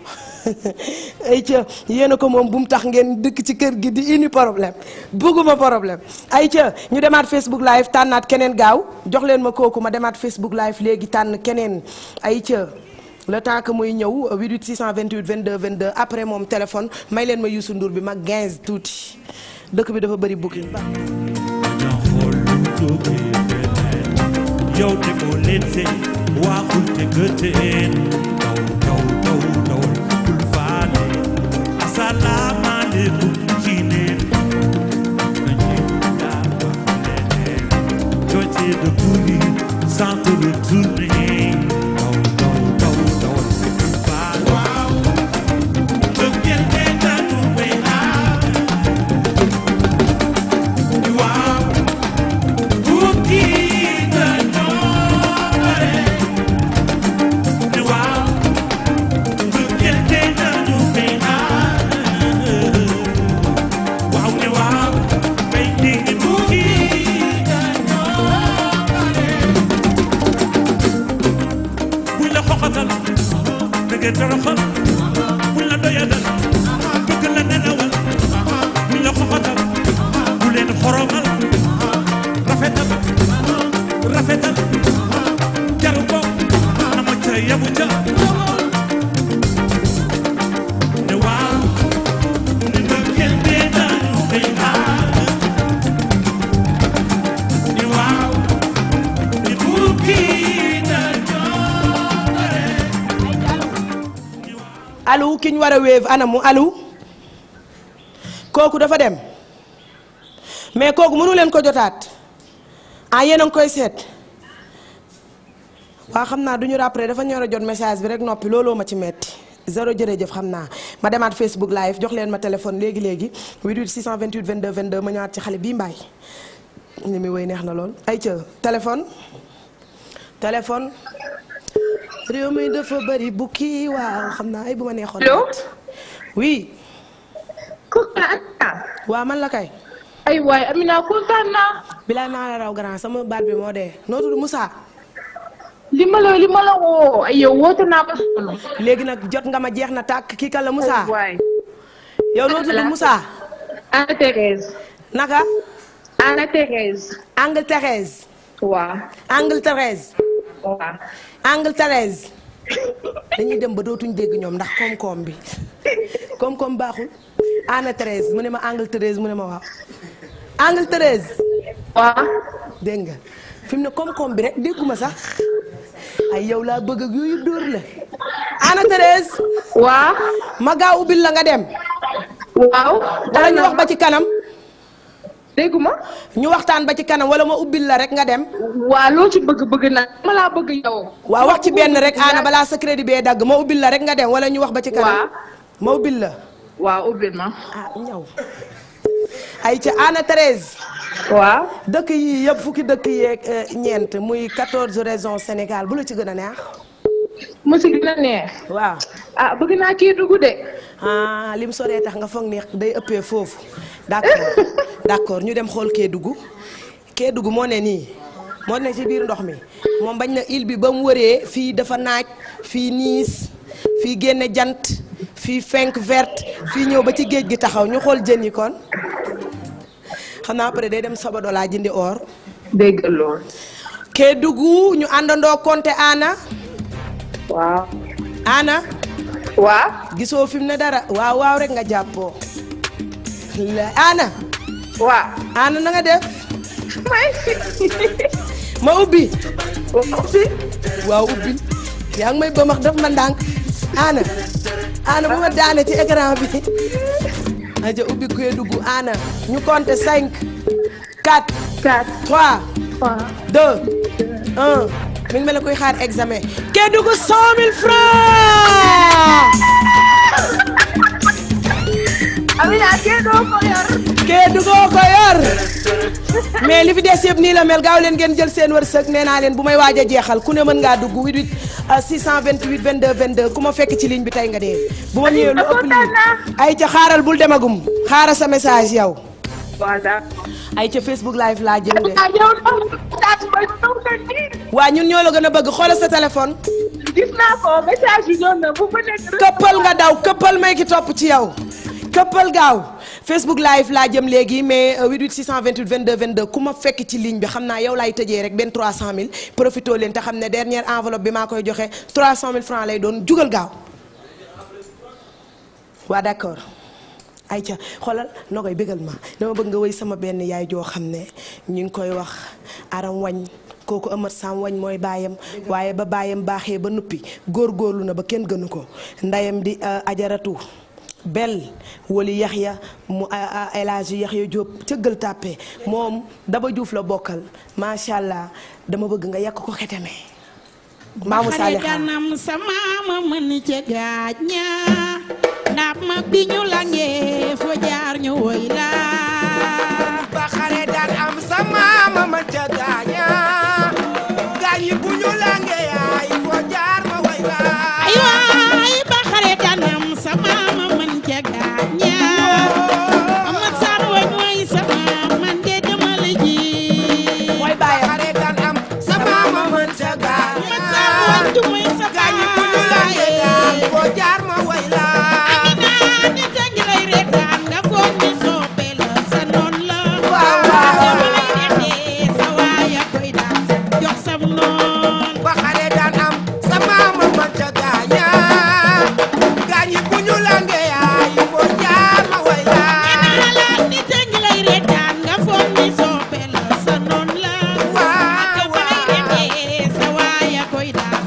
ay ca yéen a ko moom bu mu tax ngeen dëkk ci kër gi di indi problème bëgguma problème ay ca ñu demaat Facebook live tànnaat keneen gaaw jox leen ma kooku ma demaat Facebook live léegi tànn keneen ay ca le temps que muy ñëw 88 628 22 22 après moom téléphone may leen ma Youssou Ndour bi ma 15 tuuti dëkk bi dafa bëri bukki yow te ko leen seen waxul te gëteen daw daw ci neen na ñëw daa wax leneen jotee ñu war a wéef anamu alu kooku dafa dem mais kooku mënu leen ko jotaat ah yéen a ngi koy seet waa xam naa du ñu rappelé dafa ñor a jot message bi rek noppi looloo ma ci metti zéro jëf xam naa ma demaat Facebook live jox leen ma téléphone léegi léegi 88 628 22 22 ma ñëwaat ci xale bii mbaay li muy woy neex na lool ay ca téléphone téléphone réew mi dafa bari bukki waaw xam naa ay bu ma neexoon. allo oui. Koka man la kay. ay waay Amina kontaan naa. bilaay maa la raw grand sama baat bi moo dee noo tudd Moussa. léegi nag jot nga ma jeex na tàkk kii kan la Moussa. waay. yow noo tudd Moussa. Anna Thérèse. Thérèse. Angle Thérèse. waaw. Angle Thérèse. waaw. Angleterre dañuy dem ba dootuñ dégg ñoom ndax koom-koom bi koom-koom baaxul Anna Thérèse mu ne ma Angleterre mu ne ma waaw Angleterre waaw dégg nga fi mu ne koom-koom bi rek dégguma sax ay yow laa bëgg ak yooyu dóor la Anna waaw ma gaaw ubbil la nga dem waaw danañu wax ba ci kanam ma ñu waxtaan ba ci kanam wala ma ubbil la rek nga dem. waaw loo ci bëgg bëgg na ma laa bëgg yow. waaw wax ci benn rek ana balaa sa crédit bee dagg ma ubbil la rek nga dem wala ñu wax ba ci kanam. ma ubbil la. waaw ubbil ma. ah ñaw. ay ca Anna Thérèse. waaw dëkk yii yëpp fukki dëkk yeeg euh, ñeent muy 14 régions Sénégal bu la ci gën a neex. mu ci gën ah bëgg naa kii dugg de. ah lim soree tax nga foog neex day ëppee foofu d'accord. d'accord ñu dem xool Kédougou Kédougou moo ne nii moo ne ci biir ndox mi moom bañ na île bi ba mu wëree fii dafa naaj fii niis fii génne jant fii fenk vert fii ñëw ba ci géej gi taxaw ñu xool jën yi kon xam naa après day dem laa jëndi or. dégg lool. Kédougou ñu àndandoo Konte Anna. waaw. Anna. waaw. gisoo fi ne dara waaw waaw rek nga jàppoo. la waaw. ana na nga ma ubbi. ubbi. waaw ubbi. yaa ngi may ba max daf ma ndànk. ana ana bu ma daane ci écran bi. aja ubbi kuy dugg ana ñu compter cinq. quatre. quatre trois. trois deux. un mi ngi mel ne kuy xaar examen. kee dugg cent mille francs. Amina Kédougou ko yor. Kédougou li fi des yëpp nii la mel leen ngeen jël seen wërsëg nee naa leen bu may a jeexal ku ne mën ngaa dugg 88 628 22 22 ku ma fekk ci bi tey nga dee. bu ma ñëwee lu ay ca xaaral bul demagum xaaral sa message yow. ay ca Facebook live laa jëm de. Ah, waa ñun ñoo la gën a bëgg xoolal sa téléphone. gis naa ko message yi doon na ma nekk. këppal nga daw këppal may ki topp ci yow. këppal gaaw Facebook live laa jëm léegi mais euh, cent 88 628 22 22 ku ma fekk ci ligne bi xam naa yow laay tëjee rek benn 300000 profito leen te xam ne dernière enveloppe bi maa koy joxe 300000 francs lay doon jugal gaaw waa d'accord ca xoolal noo koy bégal ma dama bëgg nga wéy sama benn yaay joo xam ne ñu ngi koy wax aram wañ kooku Amar Sam wañ mooy baayam waaye ba baayam baaxee ba nuppi góorlu na ba kenn gënu ko ndeyam di euh, ajaratu bel wali Yaxya mu El Hadj Yaxya Diop cëggal tàppe moom Daba Diouf la bokkal macha allah dama bëgg nga yàq ko xeteme maamu ba xare daan am sa maama mën ca gaaj gaañ bu ñu langee ay fo jaar ma woy la foi dar.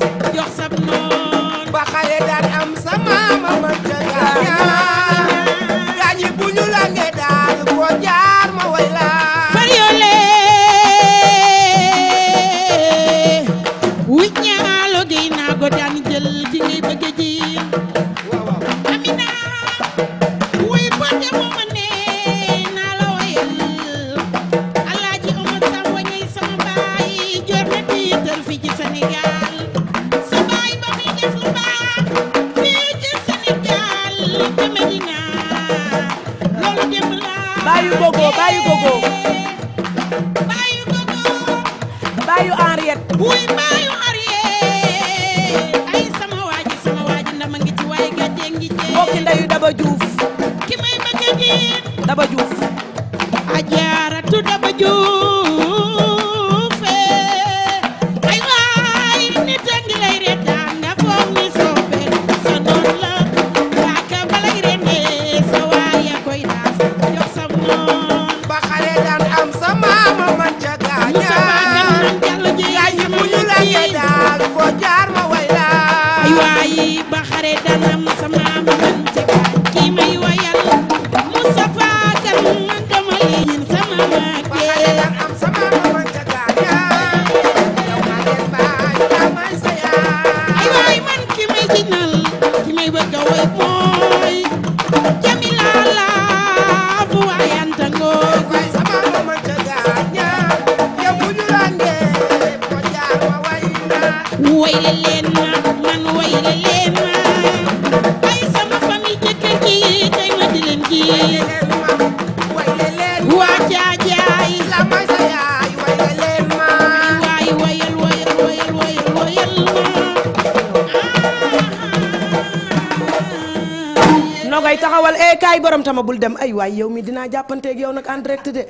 yow mi dinaa jàppanteek yow nag en direct de.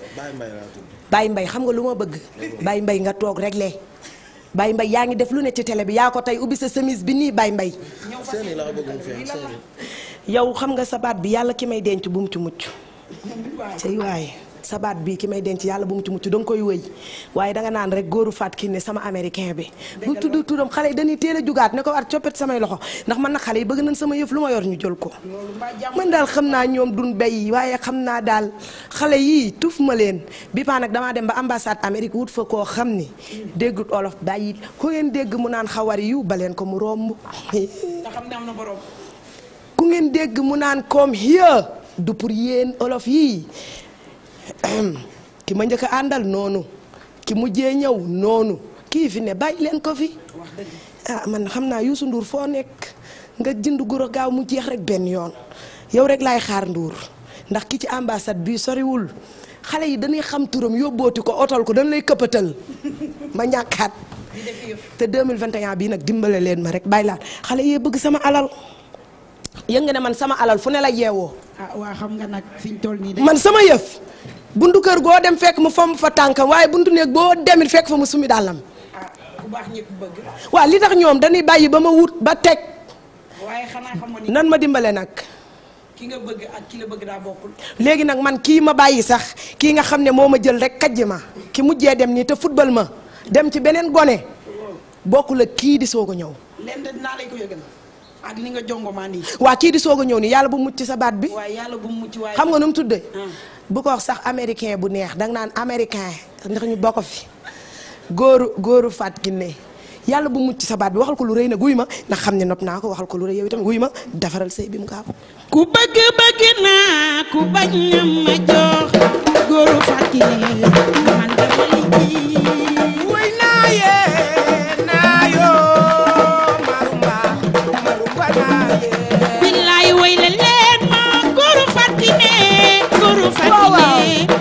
Baye Mbaye xam nga lu ma bëgg. Baye mbay nga toog rek lee. Baye Mbaye yaa ngi def lu ne ci tele bi yaa ko tey ubbi sa chemise bi nii Baye mbay yow xam nga sabaat bi yàlla ki may denc bu mu ci mucc. cey waaye sabaat bi ki may denc yàlla bu mu ci mucc da nga koy wëy waaye danga naan rek góoru faat kii ne sama américain bi. bu turam xale yi dañuy teel a jugaat ne ko waat coppet samay loxo ndax man na xale yi bëgg nañ sama yëf lu ma yor ñu jël ko man daal xam naa ñoom dun béy waaye xam naa daal xale yii tuf ma leen bi paa nag dama dem ba ambassade Amérique wut fa koo xam ni dégg olof bàyyi ko ngeen dégg mu naan xawari yu baleen ko mu romb ku ngeen dégg mu naan comme here du pour yéen olof yii ki ma njëkk a àndal noonu ki mujjee ñëw noonu kii fi ne bàyyi leen ko fi ah man xam naa Youssou nduur foo nekk nga jënd guro gaaw mu jeex rek benn yoon yow rek laay xaar Ndour ndax ki ci ambassade bii soriwul xale yi dañuy xam turam yóbbooti ko otol ko dañ lay këppatal ma ñàkkaat te 2021 bii nag dimbale leen ma rek bàyyi laal xale yee bëgg sama alal yëngu ne man sama alal fu ne la yeewoo. ah waa xam nga nag fiñ toll nii de. man sama yëf buntu kër goo dem fekk mu fomm fa tànkam waaye buntu nekk boo demit fekk fa mu sumi dàllam baax ñëpp bëgg. waaw li tax ñoom dañuy bàyyi ba ma wut ba teg. waaye xanaa xam nga nan ma dimbale nag. ki nga bëgg ak ki bëgg daa bokkul. léegi nag man kii ma bàyyi sax kii nga xam ne moo ma jël rek kàjj ma ki mujjee dem nii te football ma dem ci beneen gone bokkul ak kii di soog a ñëw. lenn dinaa lay ko yëgal ak ni nga jongomaa nii. waa kii di soog a ñëw nii yàlla bu mucc sa baat bi. waaye yàlla mucc waaye xam nga nu mu tuddee. Ah. bu ko wax sax américain bu neex danga naan américain ndax ñu bokk fi. góoru góoru faat ginne yàlla bu mucc sa baat bi waxal ko lu rëy na guy ma ndax xam ne nopp naa ko waxal ko lu rëy yow itam guy ma defaral sëy bi mu gaaw ku bëgg bëgg naa ku bañ na ma jox góoru faat ginne man dama liggéey la leen ma góoru faat ginne góoru faat ginne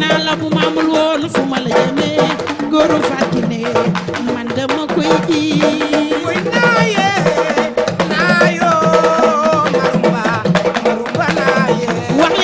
naa la bu maamul woon fu ma la jëmee góoru fàttine man dama koy ji Marumba, Marumba naaye wax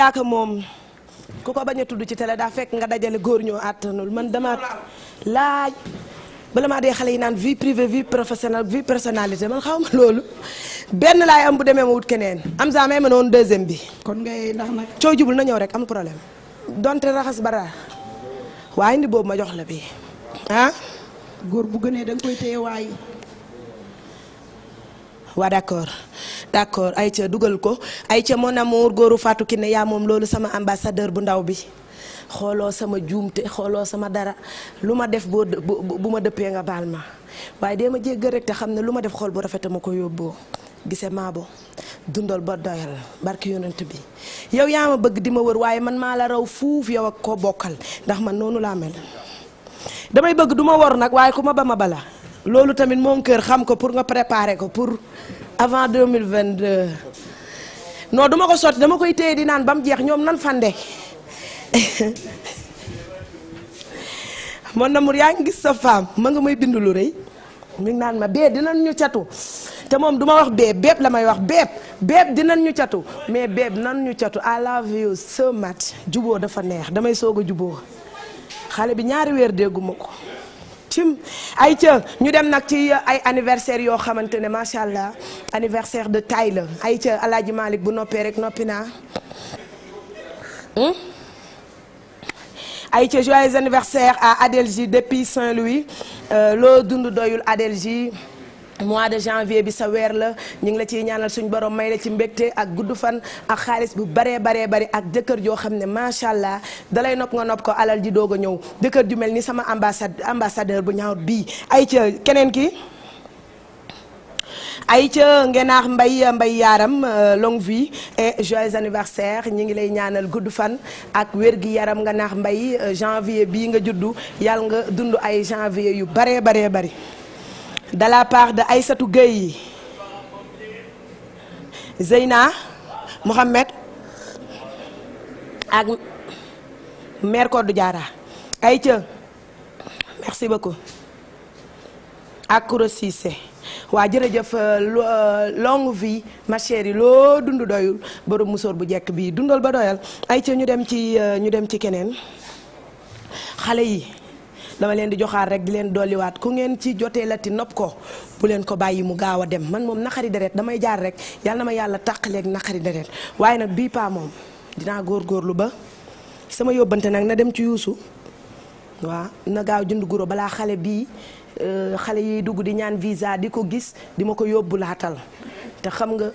yaaka moom ku ko bañ a tudd ci télé daa fekk nga dajale góor ñoo àttanul man dama laaj bala maa dee xale yi naan vie privée vie professionnelle vie personnalité man xaw ma loolu benn laay am bu demee ma wut keneen am saa may ma noonu deuxième bi. kon ngay ndax nag. coo jubul na ñëw rek am problème donte raxas bara waa indi boobu ma jox la bi ah. góor bu gënee da nga koy téye waaye. waa d'accord. d'accord Aïcha dugal ko Aïcha mon amour góoru Fatou Kiné yaa moom loolu sama ambassadeur bu ndaw bi xooloo sama juumte xooloo sama dara lu ma def boo bu ma dëppee nga baal ma waaye dee ma jéggal rek te xam ne lu ma def xool bu rafet ma ko yóbboo gise maabo dundal ba doyal barki yonent bi yow yaa ma bëgg di ma wër waaye man maa la raw fuuf yow ak koo bokkal ndax man noonu laa mel damay bëgg du ma wor nag waaye ku ma ba ma bala loolu tamit moom kër xam ko pour nga préparer ko pour avant mille vingt 2022 non duma ko sotti dama koy téye di naan ba mu jeex ñoom nan fande mon amour yaa ngi gis sa femme ma nga may bind lu rëy mi naan ma bee dina ñu catu te moom duma wax beeb beeb damay wax beeb beeb dinañ ñu catu mais beeb nan ñu catu I love you so much juboo dafa neex damay soog a juboo xale bi ñaari weer dégguma ko cim ay ca ñu dem nag ci euh, ay anniversaire yoo xamante ne macha allah anniversaire de taille ay ca alaaji Malick bu noppee rek noppi ay ca hmm? joyeux anniversaire à Adelji depuis Saint-Louis euh, loo dund doyul Adelji mois de janvier bi sa weer la ñu ngi la ciy ñaanal suñu borom may la ci mbégte ak gudd fan ak xaalis bu baree baree bari ak jëkkër joo xam ne macha allah dalay nopp nga nopp ko alal di doog a ñëw jëkkër ju mel ni sama ambassade ambassadeur bu ñaaw bii ay ca keneen ki ay Aïcha Ngenax Mbay Mbay yaaram euh, longue vie et joyeux anniversaire ñu ngi lay ñaanal gudd fan ak wér gi yaram nga naax mbay euh, janvier bii nga juddu yàlla nga dund ay janvier yu baree baree bari de la part de ay Aïssatou Gueye Zeyna Mohamed ak maire Kodou Diarra Aïcha merci beaucoup ak Kouro Cissé waa jërëjëf euh, euh, longue vie ma yi loo dund doyul borom musóor bu jekk bii dundal ba doyal Aïcha ñu dem ci euh, ñu dem ci keneen xale yi dama leen di joxaat rek di leen dolliwaat ku ngeen ci jotee la ti nopp ko bu leen ko bàyyi mu gaaw a dem man moom naqari deret damay jaar rek yàlla na ma yàlla tàqaleeg naqari deret waaye nag bii paa moom dinaa góorlu ba sama yóbbante nag na dem ci yuusu waa na gaaw jënd guro balaa xale bii euh, xale yiy dugg di ñaan visa di ko gis di ma ko yóbbu laatal te xam nga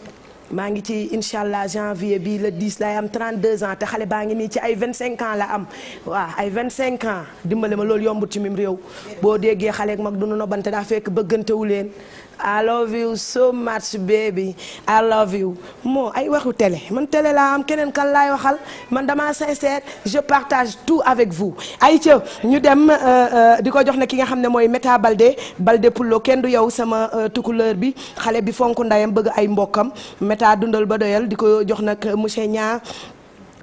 maa ngi ci incha allah janvier bi le 10 lay am 32 ans te xale baa ngi nii ci ay 25 ans la am waa ay vingt cinq ans dimbale ma loolu yombut ci mim réew boo déggee xale ak mag du nu bante daa fekk bëggantewu leen I love you so much baby I love you moo ay waxu télé man télé laa am keneen kan laay waxal man dama sincère je partage tout avec vous ay ca ñu dem euh, euh, di ko jox na ki nga xam ne mooy Meta Balde Balde Pullo kenn du yow sama euh, tukuleur bi xale bi fonk ndayam bëgg ay mbokkam Meta dundal ba doyal di ko jox nag monsieur Niang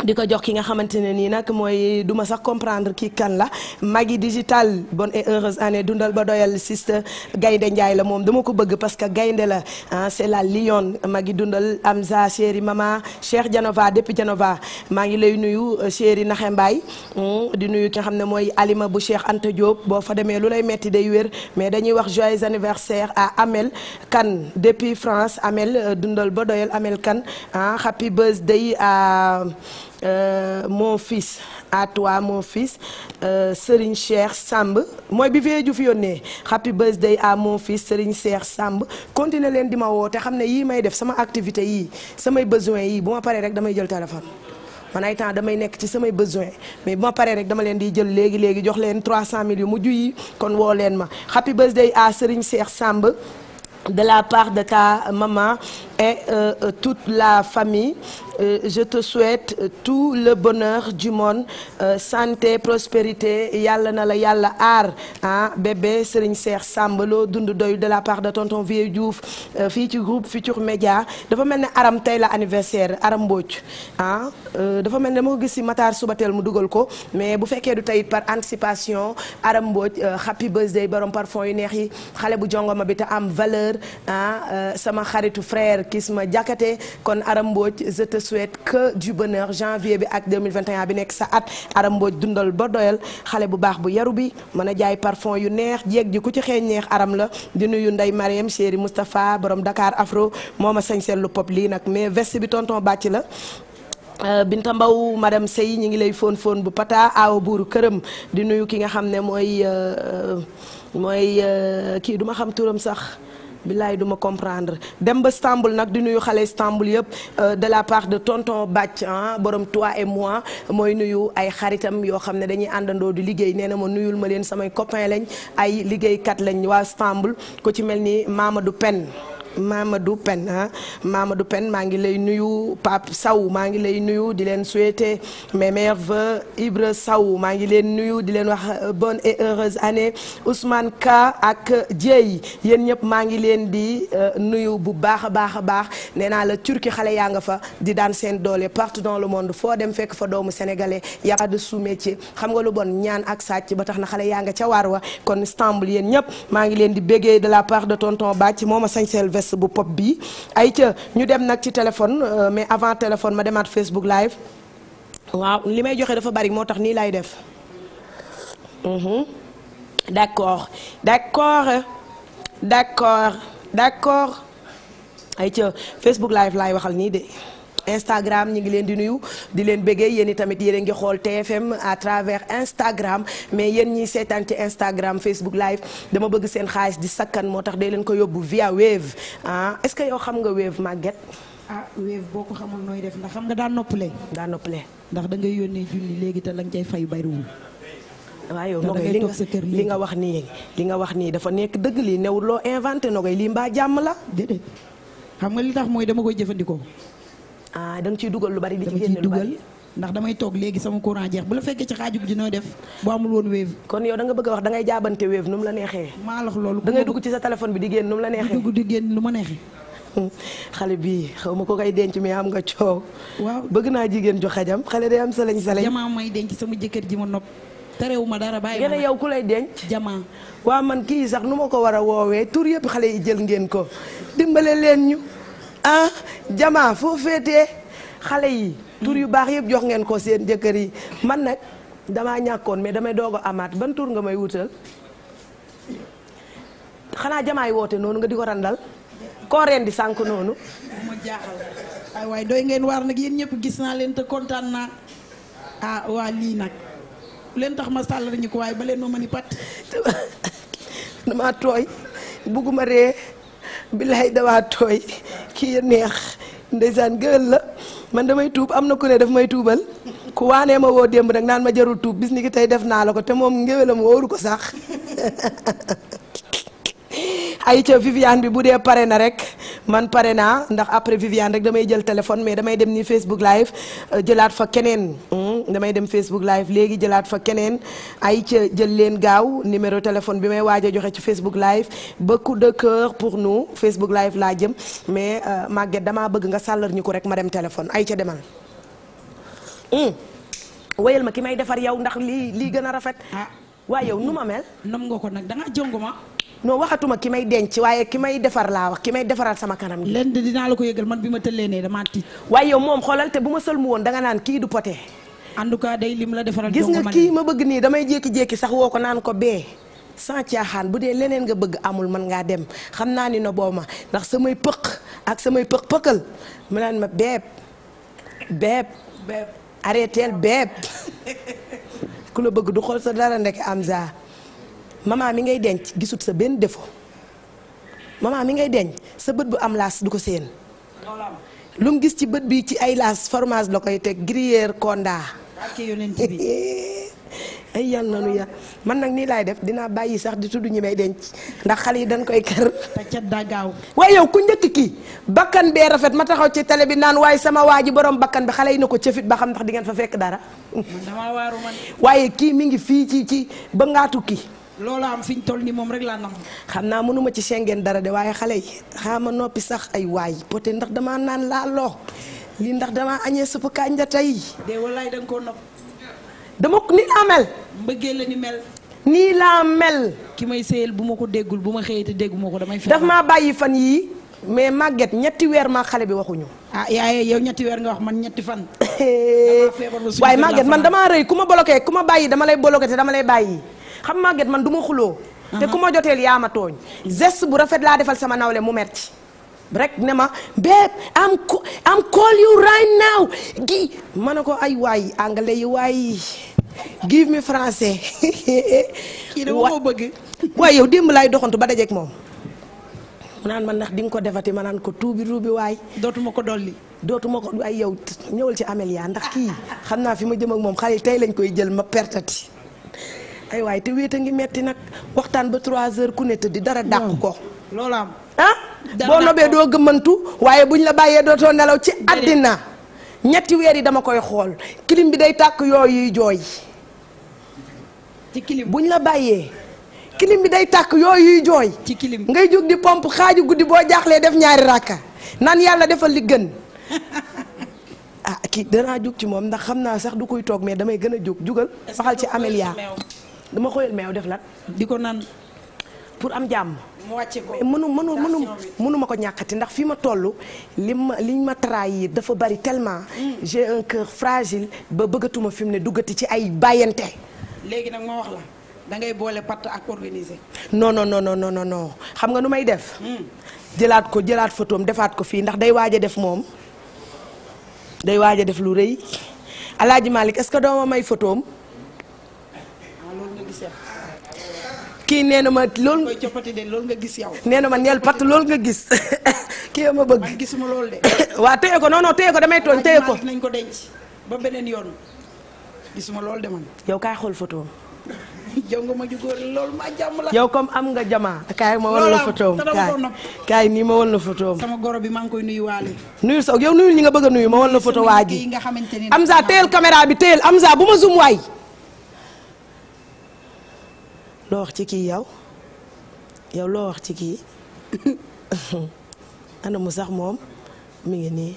di ko jox ki nga xamante ne nii nag mooy duma sax comprendre kii kan la Magui digital bonne et heureuse année dundal ba doyal siste gaynde Ndiaye la moom dama ko bëgg parce que gaynde la ah c'est la lionne Magui dundal Amza chéri mama Cheikh Janova depuis Janova maa ngi lay nuyu chéri Naxe Mbaye hmm, di nuyu ki nga xam ne mooy Alima bu Cheikh Anta Diop boo fa demee lu lay metti day wér mais dañuy wax joyeux anniversaire à Amel kan depuis France Amel euh, dundal ba doyal Amel Kane ah happy birthday à. Euh, mon fils à toi mon fils euh, Serigne Cheikh Samb mooy bi fee ju fi yónnee happy birthday à mon fils Serigne Cheikh Samb continuer leen di ma woote xam ne yii may def sama activité yii samay besoin yii bu ma paree rek damay jël téléphone. man ay temps damay nekk ci samay besoin mais bu ma paree rek dama leen di jël léegi léegi jox leen 300000 yu mujj yi kon woo leen ma happy birthday à Serigne Cheikh Samb de la part de ta maman. et euh, euh, toute la famille. Euh, je te souhaite euh, tout le bonheur du monde euh, santé prospérité yàlla na la yàlla aar ah bébé Serigne Cheikh Samb loo dund doy de la part de tonton Vieux Diouf euh, fii ci groupe Futurs Médias dafa mel ne Aram tey la anniversaire Aram Mbodj ah dafa mel ne dama ko gis si Matar Subatel mu dugal ko mais bu fekkee du tey par anticipation Aram Mbodj happy birthday par parfum yu neex yi xale bu jongoma bi te am valeur sama xaritu frère. Kisma Diakhaté kon Aram Mbodj je te souhaite que du bonheur janvier bi ak 2021 bi nekk sa at Aram Mbodj dundal ba doyal xale bu baax bu yaru bi mën a jaay parfum yu neex jeeg ji ku ci xeeñ neex Aram la di nuyu Ndey Mariam chéri Moustapha borom Dakar Afro moo ma seen lu pop lii nag mais veste bi tonton bàcc la Uh, Binta Mbaw madame Sey ñi ngi lay fóon fóon bu pata aaw buuru këram di nuyu ki nga xam ne mooy uh, mooy euh, kii duma xam turam sax billaay duma comprendre dem ba Istanbul nag di nuyu xale Istanbul yëpp euh, de la part de tonton Bac borom toi et mois mooy nuyu ay xaritam yoo xam ne dañuy àndandoo di liggéey nee na ma nuyul ma leen samay copain lañ ay liggéeykat lañ waa Istanbul ku ci mel ni Mamadou pen Mamadou Pen ah Mamadou Pen maa ngi lay nuyu Pape saw maa ngi lay nuyu di leen souhaiter mes meilleurs vœux Ibra Sow maa ngi leen nuyu di leen wax euh, bonne et heureuse année Ousmane Ka ak Dieye yéen ñëpp maa ngi leen di euh, nuyu bu baax a baax a baax nee naa la Turquie xale yaa nga fa di daan seen doole partout dans le monde foo dem fekk fa doomu sénégalais y a pas de sous-métier xam nga lu bon ñaan ak sàcc ba tax na xale yaa nga ca waar wa kon Istanbul yéen ñëpp maa ngi leen di béggee de la bu pop bi ay ca ñu dem nag ci téléphone euh, mais avant téléphone ma demaat Facebook live waaw li may joxe dafa bari moo tax nii lay def mhm. d'accord d'accord d'accord d'accord ay ca Facebook live laay waxal nii de Instagram ñu ngi leen di nuyu di leen bëggee yéen i tamit yéen a ngi xool TFM à travers Instagram mais yéen ñiy seetaan ci Instagram Facebook live dama bëgg seen xaalis di sakkan moo tax day leen ko yóbbu via Wave ah ce que yow xam nga Wave Maguette. ah Wave boo ko xamul nooy def ndax xam nga daan noppale. daan noppale ndax da ngay yónnee junni léegi te la nga cay fay bariwul. waaw yow Nogaye li nga wax nii li nga wax nii dafa nekk dëgg lii newul loo inventé Nogaye lii mbaa jàmm la. déedéet xam li tax mooy dama koy jëfandikoo. ah da nga ciy dugal lu bari li ci génn lu bari ndax damay toog léegi sama courant jeex bu la fekkee ci xaaju ji nooy def bu amul woon wéev kon yow da nga bëgg a wax da ngay jaabante wéev nu la neexee maa lax loolu da ngay dugg ci sa téléphone bi di génn nu la neexee di génn nu ma neexee xale bi xaw ma ko koy denc mais am nga coow waaw bëgg naa jigéen ju xale day am salañ salañ jamaa may denc sama jëkkër ji ma nopp terewu ma dara bàyyi ma yow ku lay denc jamaa waa man kii sax nu ma ko war a woowee tur yëpp xale yi jël ngeen ko dimbale leen ñu ah jamaa foo féetee xale yi tur yu baax yépp jox ngeen ko seen jëkkër yi man nag damaa ñàkkoon mais damay doog amaat ban nga may wutal xanaa jamaay woote noonu nga di ko randal koo sànq noonu ma jaaxal ay ngeen waar nag yéen ñëpp gis naa leen te kontaan naa ah, lii nag leen tax ma sàll ko waaye ba leen ma i pat damaa tooy bugguma ree billaay damaa tooy kii ya neex ndeysaan gëwël la man damay tuub am na ku ne daf may tuubal ku waanee ma woo démb nag naan ma jarul tuub bis ni ki tey def naa la ko te moom ngéwélam waru ko sax ayca Viviane bi bu dee pare na rek man pare na ndax après Viviane rek damay jël téléphone mais damay dem ni Facebook live euh, jëlaat fa keneen hmm, damay dem Facebook live léegi jëlaat fa keneen ayca jël leen gaaw numéro téléphone bi may waaj a joxe ci Facebook live beaucoup de cœur pour nous Facebook live laa jëm mais euh, Maguette damaa bëgg nga sàllar ko rek ma dem téléphone ayca demal. Hmm, wéyal ma ki may defar yow ndax lii gën a rafet. Ah. waaye yow nu ma mel. ko nag da non waxatuma ki may denc waaye ki may defar laa wax ki may defaral sama kanam gi. lenn dinaa la ko yëgal man bi ma tëllee nee damaa tiit. waaye yow moom xoolal te bu ma sëlmu woon danga naan kii du poté. en tout cas day lim la defaral gis nga kii ma bëgg nii damay jékki-jékki sax woo ko naan ko bee. sans caaxaan bu dee leneen nga bëgg amul mën ngaa dem xam naa ni no boo ma ndax samay pëq ak samay pëq pëqal mu naan ma beeb beeb beeb arrêteel beeb ku la bëgg du xool sa dara ndeke Amza maman mi ngay denc gisut sa benn defo maman mi ngay denc sa bët bu am laas du ko seen lu mu gis ci bët bi ci ay laas fromage la koy teg gruyère konda ay yal na nu ya man nag nii laay def dinaa bàyyi sax di tudd ñi may denc ndax xale yi dañ koy kër. cat daa gaaw. waaye yow ku njëkk kii bakkan bee rafet ma taxaw ci tele bi naan waaye sama waa ji borom bakkan bi xale yi na ko cëfit ba xam ndax di ngeen fa fekk dara. waaye kii mi ngi fii ci ci ba ngaa tukki. loolu am fi ñu toll nii moom rek laa na xam naa mënuma ci sengeen dara de waaye xale yi xaama noppi sax ay waay poté ndax dama naan laaloo lii ndax dama añee suppu kànja tey. de walaay da nga koo nopp. dama nii laa mel. mbëggee la ni mel. nii laa mel. ki may sëyal bu ma ko déggul bu ma xëyee te déggu ko damay. daf maa bàyyi fan yii. mais màgget ñetti weer maa xale bi waxuñu. ah yaaye yow ñetti weer nga wax man ñetti fan. waaye màgget man damaa rëy ku ma bloqué ku ma bàyyi dama lay bloqué te dama lay bàyyi. xam màgget man du ma xuloo te ku ma joteel yaa ma tooñ geste bu rafet laa defal sama nawle mu metti rek ne ma babe am am call you right now gi ma ne ko ay waay anglais yi waay give me français kii dama ko bëgg waaye yow démb laay doxantu ba dajeeg moom mu naan man ndax di nga ko defati ma naan ko tuubi tuubi waay dootuma ko dolli dootuma ko ay yow ñëwal ci Amélia ndax kii xam naa fi ma jëm ak moom xale tey lañ koy jël ma pertati ay te wéet a ngi metti nag waxtaan ba trois heures ku ne tëddi dara dàq ko. loolu am ah. boo nobee doo gëmmantu waaye buñ la bàyyee dootoo nelaw ci àddina ñetti weer yi dama koy xool kilim bi day tàkk yooyu jooy. ci kilim buñ la bàyyee. kilim bi day tàkk yooyu jooy. ci kilim ngay jóg di pomp xaaju guddi boo jaaxlee def ñaari rakka nan yàlla defal li gën. ah kii danaa jóg ci moom ndax xam naa sax du koy toog mais damay gën a jóg jugal. waxal ci Amélia dama xooyal meew def lan. di ko naan pour am jàmm. mu wàcce ko mënu mënu mënu mënuma ko ñàkkati ndax fi ma toll li ma ma trahir dafa bari tellement. Mm. j'ai un cœur fragile ba bëggatuma fi mu ne duggati ci ay bàyyante. léegi nag ma wax la da ngay boole patt ak organiser. non non non xam nga nu may def. Mm. jëlaat ko jëlaat photoom defaat ko fii ndax day waaj a def moom day waaj def lu rëy Alaaji Malick est-ce que doo ma may photoom kii nee na ma loolu. mooy coppati de loolu nga gis yow. nee na ma neel pat loolu nga gis kii a bëgg. man gisuma loolu de. waa téye ko non non ko damay tooñ téye ko. nañ ko denc ba beneen yoon gisuma loolu de yow kaay xool photo yow nga ma jugóor loolu ma jàmm yow comme am nga jamaa. kaay ma wan la photo am kaay kaay nii ma wan la photo am. sama goro bi maa ngi koy nuyu waale. nuyu soog yow nuyul ñi nga bëgg a nuyu ma wan la photo waa ji. am saa téyel caméra bi téyel am saa bu ma zoom waay. loo wax ci kii yow yow loo wax ci kii ana mu sax moom mu ngi nii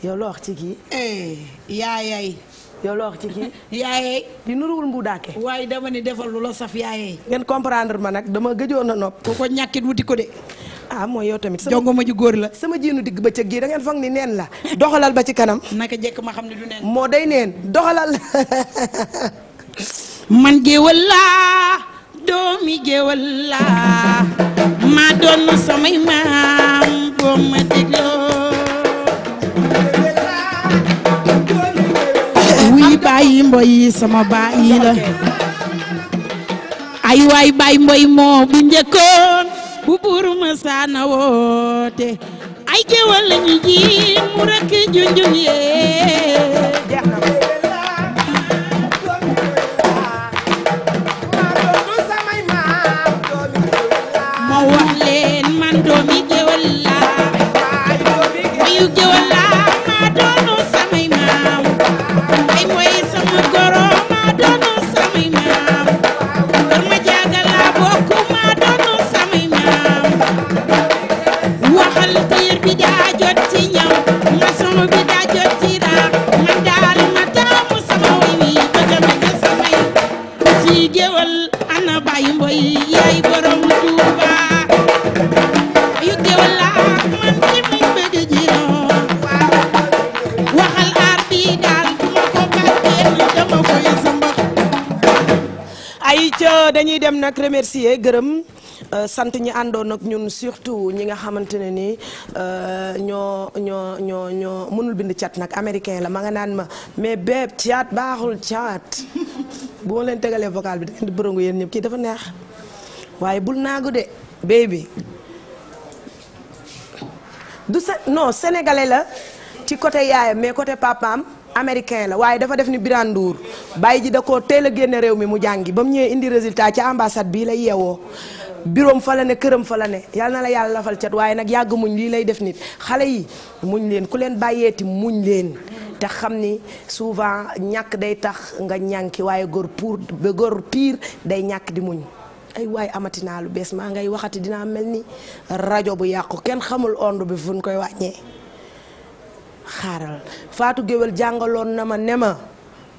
yow loo wax ci kii. Eh, yaayay. yow loo wax ci kii. yaayay. di nuruwul mbu daake. waaye dama ne defal lu la saf yaayay. ngeen comprendre ma nag dama gëjoon a nopp. ku ko ñàkkit wuti ko de. ah mooy yow tamit. jongo ma ji góor la. sama jiinu digg ba gi da ngeen foog ni neen la. doxalal ba ci kanam. naka jekk ma xam ne du neen. moo day neen doxalal. man géwël laa doomi géwël laa maa doon samay maam boo ma dégloo wuy bàyyi mboy sama bàyyi la ay waay bàyyi mboy moo bu njëkkoon bu buur ma saana woote ay géwël lañu ji mu rëkk junjung yee doomi géwël laa mayu géwël laa Euh, dañuy dem nag remercier gërëm euh, sant ñi àndoon ak ñun surtout ñi nga xamante ne ni euh, ñoo ñoo ñoo mënul bind cat nag américain la ma nga naan ma mais béeb cat baaxul cat bu ma leen tegalee vocal bi da ngeen yéen ñëpp kii dafa neex waaye bul naagu de bi du sa non sénégalais la ci côté yaayam mais côté papam américain la waaye dafa def ni Birane bàyyi ji da ko teel a génne réew mi mu jàngi ba mu ñëwee indi résultat ci ambassade bii la yeewoo biroom fa la ne këram fa la ne yal na la yàlla lafal cat waaye nag yàgg muñ lii lay def nit xale yi muñ leen ku leen bàyyeeti muñ leen te xam ni souvent ñàkk day tax nga ñànki waaye góor pour góor pire day ñàkk di muñ ay waay amati naa lu bees maa ngay waxati dinaa mel ni rajo bu yàqu kenn xamul ond bi fu ñu koy wàññee xaaral Faatu Géwél jàngaloon na ma ne ma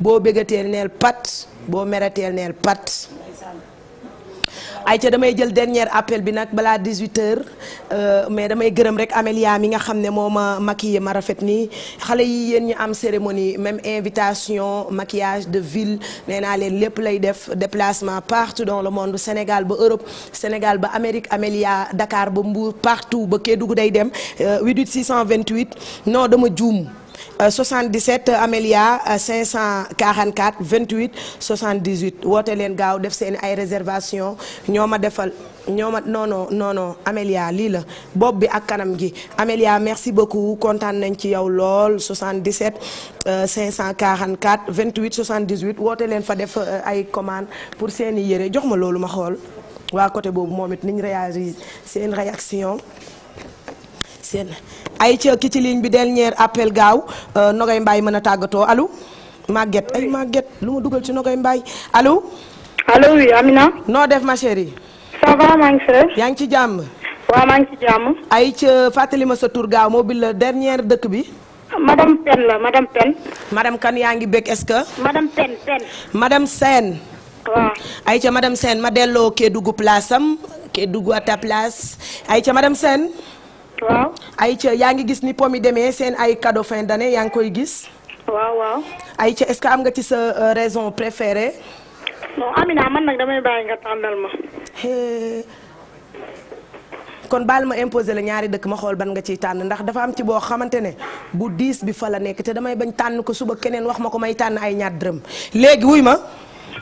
boo bëggateel neel pat boo mereteel neel pat ayca damay jël dernier appel bi nag balaa 18h euh, mais damay gërëm rek Amélia mi nga xam ne moom ma maquillé ma rafet nii xale yi yéen ñu am cérémonie même invitation maquillage de ville nee naa leen lépp lay def déplacement partout dans le monde Sénégal ba Europe Sénégal ba Amérique Amélia dakaar ba Mbour partout ba Kédougou day dem 88 euh, 628 non dama juum. 77 Amélia 544 dix 78 woote leen gaaw def seeni ay réservation ñoo ma defal ñoom ma noono non non Amélia lii la bopp bi ak kanam gi Amélia merci beaucoup kontaan nañ ci yow lool 77 544 28 78 woote leen fa def euh, ay commande pour seeni i yére jox ma loolu ma xool waa côté boobu moom it niñ réagir seen réaction seen ay ca ki ci ligne bi dernier appel gaaw euh, Nogay Mbaye mën a tàggatoo allo Maguette ay Maguette lu ma dugal ci Nogay Mbaye allo. allo oui Amina. noo def ma chérie. yaa ngi ci jàmm. waaw maa ngi ci jàmm. ay fàttali ma sa tur gaaw moo bi la dëkk bi. madame Pen la madame Pen. madame kan yaa ngi bëgg est-ce que. madame Pen Pen. madame Sène. waaw ayca madame ma delloo Kédougou place am Kédougou à ta place ayca madame Sène. waaw. Aïcha yaa ngi gis ni pomme yi demee seen ay cadeau fin d'année yaa ngi koy gis. waaw waaw. Aïcha est-ce que am nga ci sa euh, raison préférée. non Amina man nag damay bàyyi nga tànnal ma. kon baal ma imposé la ñaari dëkk ma xool ban nga ciy tànn ndax dafa am ci boo xamante ne bu diis bi fa la nekk te damay bañ tànn ko suba keneen wax ma ko may tànn ay ñaar dërëm léegi wuy ma.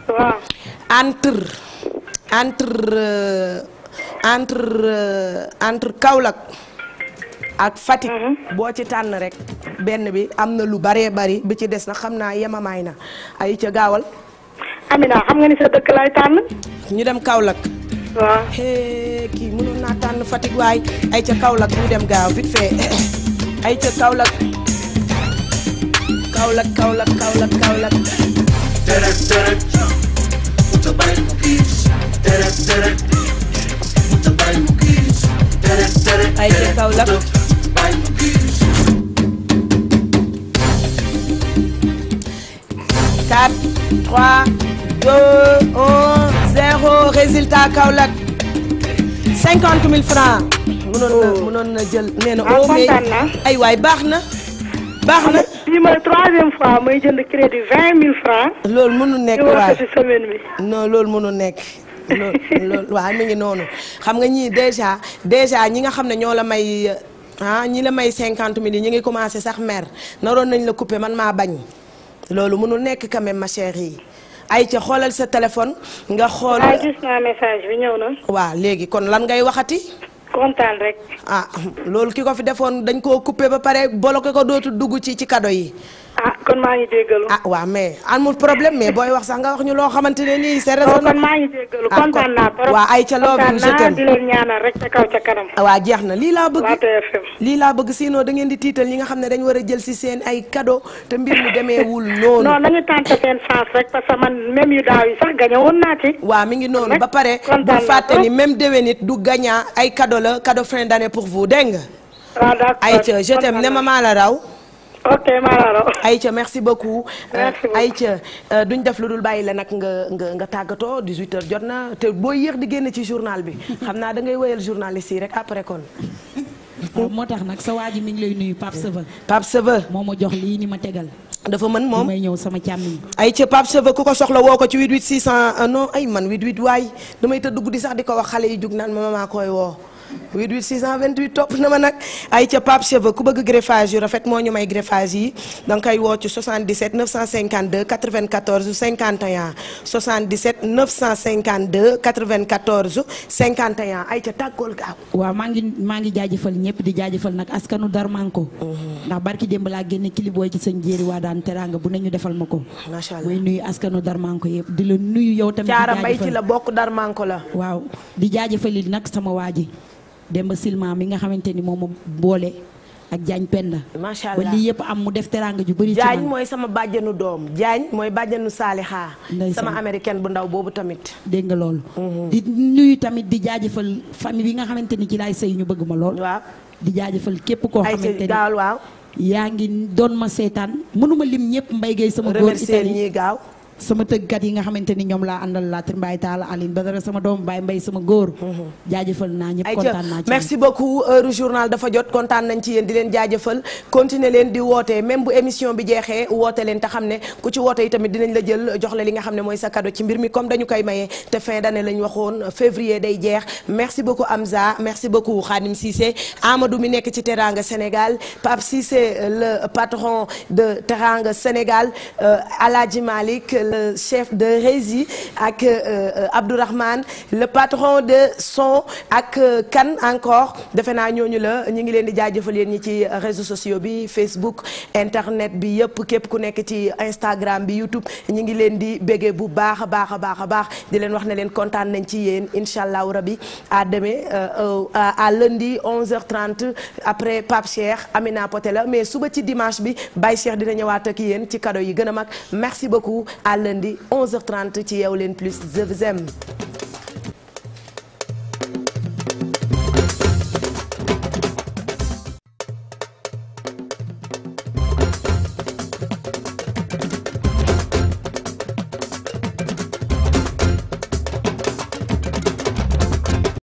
waaw. entre entre euh, entre euh, entre Kaolack. ak Fatick. Mhm. boo ci tànn rek benn bi am na lu baree bari bi ci des na xam naa yemamaay na ay ca gaawal. Amina xam nga ni sa dëkk lay tànn. ñu dem Kaolack. waaw kii mënoon naa tànn Fatick waay ay ca Kaolack dem gaaw vite fait ay ca Kaolack Kaolack Kaolack Kaolack Kaolack. dërët ay ca Kaolack quatre trois deux un zéro résultat francs mënoon na oh. mënoon na jël nee na ah, oo oh, mais ay waay francs loolu mënu nekk waay non nekk loolu waaw mi ngi noonu xam nga ñii déjà déjà ñi nga xam ne ñoo la may ah ñi la may cinquante mille yi ñu ngi commencé sax mer naroon nañ la couper man maa bañ loolu mënul nekk quand même ma chérie yi ayca xoolal sa téléphone nga xool. Ah, waaw léegi kon lan ngay waxati. kontaan rek. ah loolu ki ko fi defoon dañ koo couper ba pare bloqué ko dootul dugg ci ci kado yi. ah kon maa ngi jéggalu. Ah, waaw mais amul problème mais booy wax sax nga wax ñu loo xamante ne nii c'est raisonnable. Oh, maa ngi jéggalu ah, kontaan naa trop. ay ca loobu je t'aime di kaw ca kanam. Ah, waaw jeex na lii laa bëgg. lii laa bëgg sinon da ngeen di tiital ñi nga xam ne dañ war a jël si seen ay cadeau te mbir mi demeewul noonu. non nañu tenté seen chance rek parce que man même yu daaw naa ci. waaw mi ngi noonu ba pare. bu fàtte ni même déwén nit du gagné ay cadeau la cadeau fin d'année pour vous dégg nga. waaw d'accord ne ma maa raw ok maanaam. a merci beaucoup. merci euh, beaucoup Aïcha euh, duñ def lu dul bàyyi la nag nga nga nga tàggatoo 18h jot na te boo yéex di génn ci journal bi xam naa da ngay wéyal journaliste yi rek après kon. moo tax nag sa waa ji mi ngi lay nuyu Pape Seve. Pape Seve moo ma jox lii ni ma tegal. dafa mën moom may ñëw sama càmmiñ. ay ca Pape ku ko soxla woo ko ci 88 600 euh, non ay man 88 waay damay tëdd guddi sax di ko wax xale yi jug naan ma maa koy woo. 88 628 topp na ma nag ay ca Pape Cheveux ku bëgg greffage yu rafet moo ñu may greffage yi da nga koy woo ci 77 952 94 51 77 952 94 an ay ca tàggool gaaw. waaw maa ngi maa ngi jaajëfal ñëpp di jaajëfal nag askanu Darmanko. Mhm. ndax barki démb laa génne kilibooy ci sëñ Jéeri waa daan teraanga bu ne ñu defal ma ko. macha allah muy nuyu askanu Darmanko yëpp di la nuyu yow tamit. di jaajëfal caara mbay ci la bokk Darmanko la. waaw di jaajëfal nag sama waa ji. Demba Silma mi nga xamante ni moom boole ak Diagne Penda. macha allah ba lii yëpp am mu def teraanga ju bëri. ci man mooy sama bàjjanu doom Diagne mooy bàjjanu Saalixaa sama américaine bu ndaw boobu tamit. dégg nga loolu. Mm-hmm. di nuyu tamit di jaajëfal famille bi nga xamante ni ci laay sëy ñu bëgg ma lool. waaw di jaajëfal képp koo. xamante ni waaw. yaa ngi doon ma seetaan mënuma lim ñëpp mbay gay sama góor itali ñii gaaw. sama tëggkat yi nga xamante ni ñoom laa àndal laa Mbaye Talla Aline Badara sama doom Baye Mbaye sama góor. Mhm. jaajëfal naa ñëpp kontaan naa merci beaucoup heure journal dafa jot kontaan nañ ci yéen di leen jaajëfal continuer leen di woote même bu émission bi jeexee woote leen te xam ne ku ci woote yi tamit dinañ la jël jox la li nga xam ne mooy sa cadeau ci mbir mi comme dañu koy maye te fin d'année lañ waxoon février day jeex merci beaucoup Amza merci le euh, chef de régie ak euh, euh, Abdourahmane le patron de son ak kan encore defe naa ñooñu la ñu ngi leen di jëfal yeen ñi ci réseau sociaux bi Facebook internet bi yëpp képp ku nekk ci Instagram bi YouTube ñu ngi leen di béggee bu baax a baax a baax a baax di leen wax ne leen kontaan nañ ci yéen incha allah rabi à demain à lundi 11 h après Pape Cheikh Amina Poté la mais suba ci dimanche bi bay Cheikh dina ñëwaat ak yéen ci cado yi gën a mag merci beaucoup. lundi 11h30 ci Yeewu Leen Plus je vous aime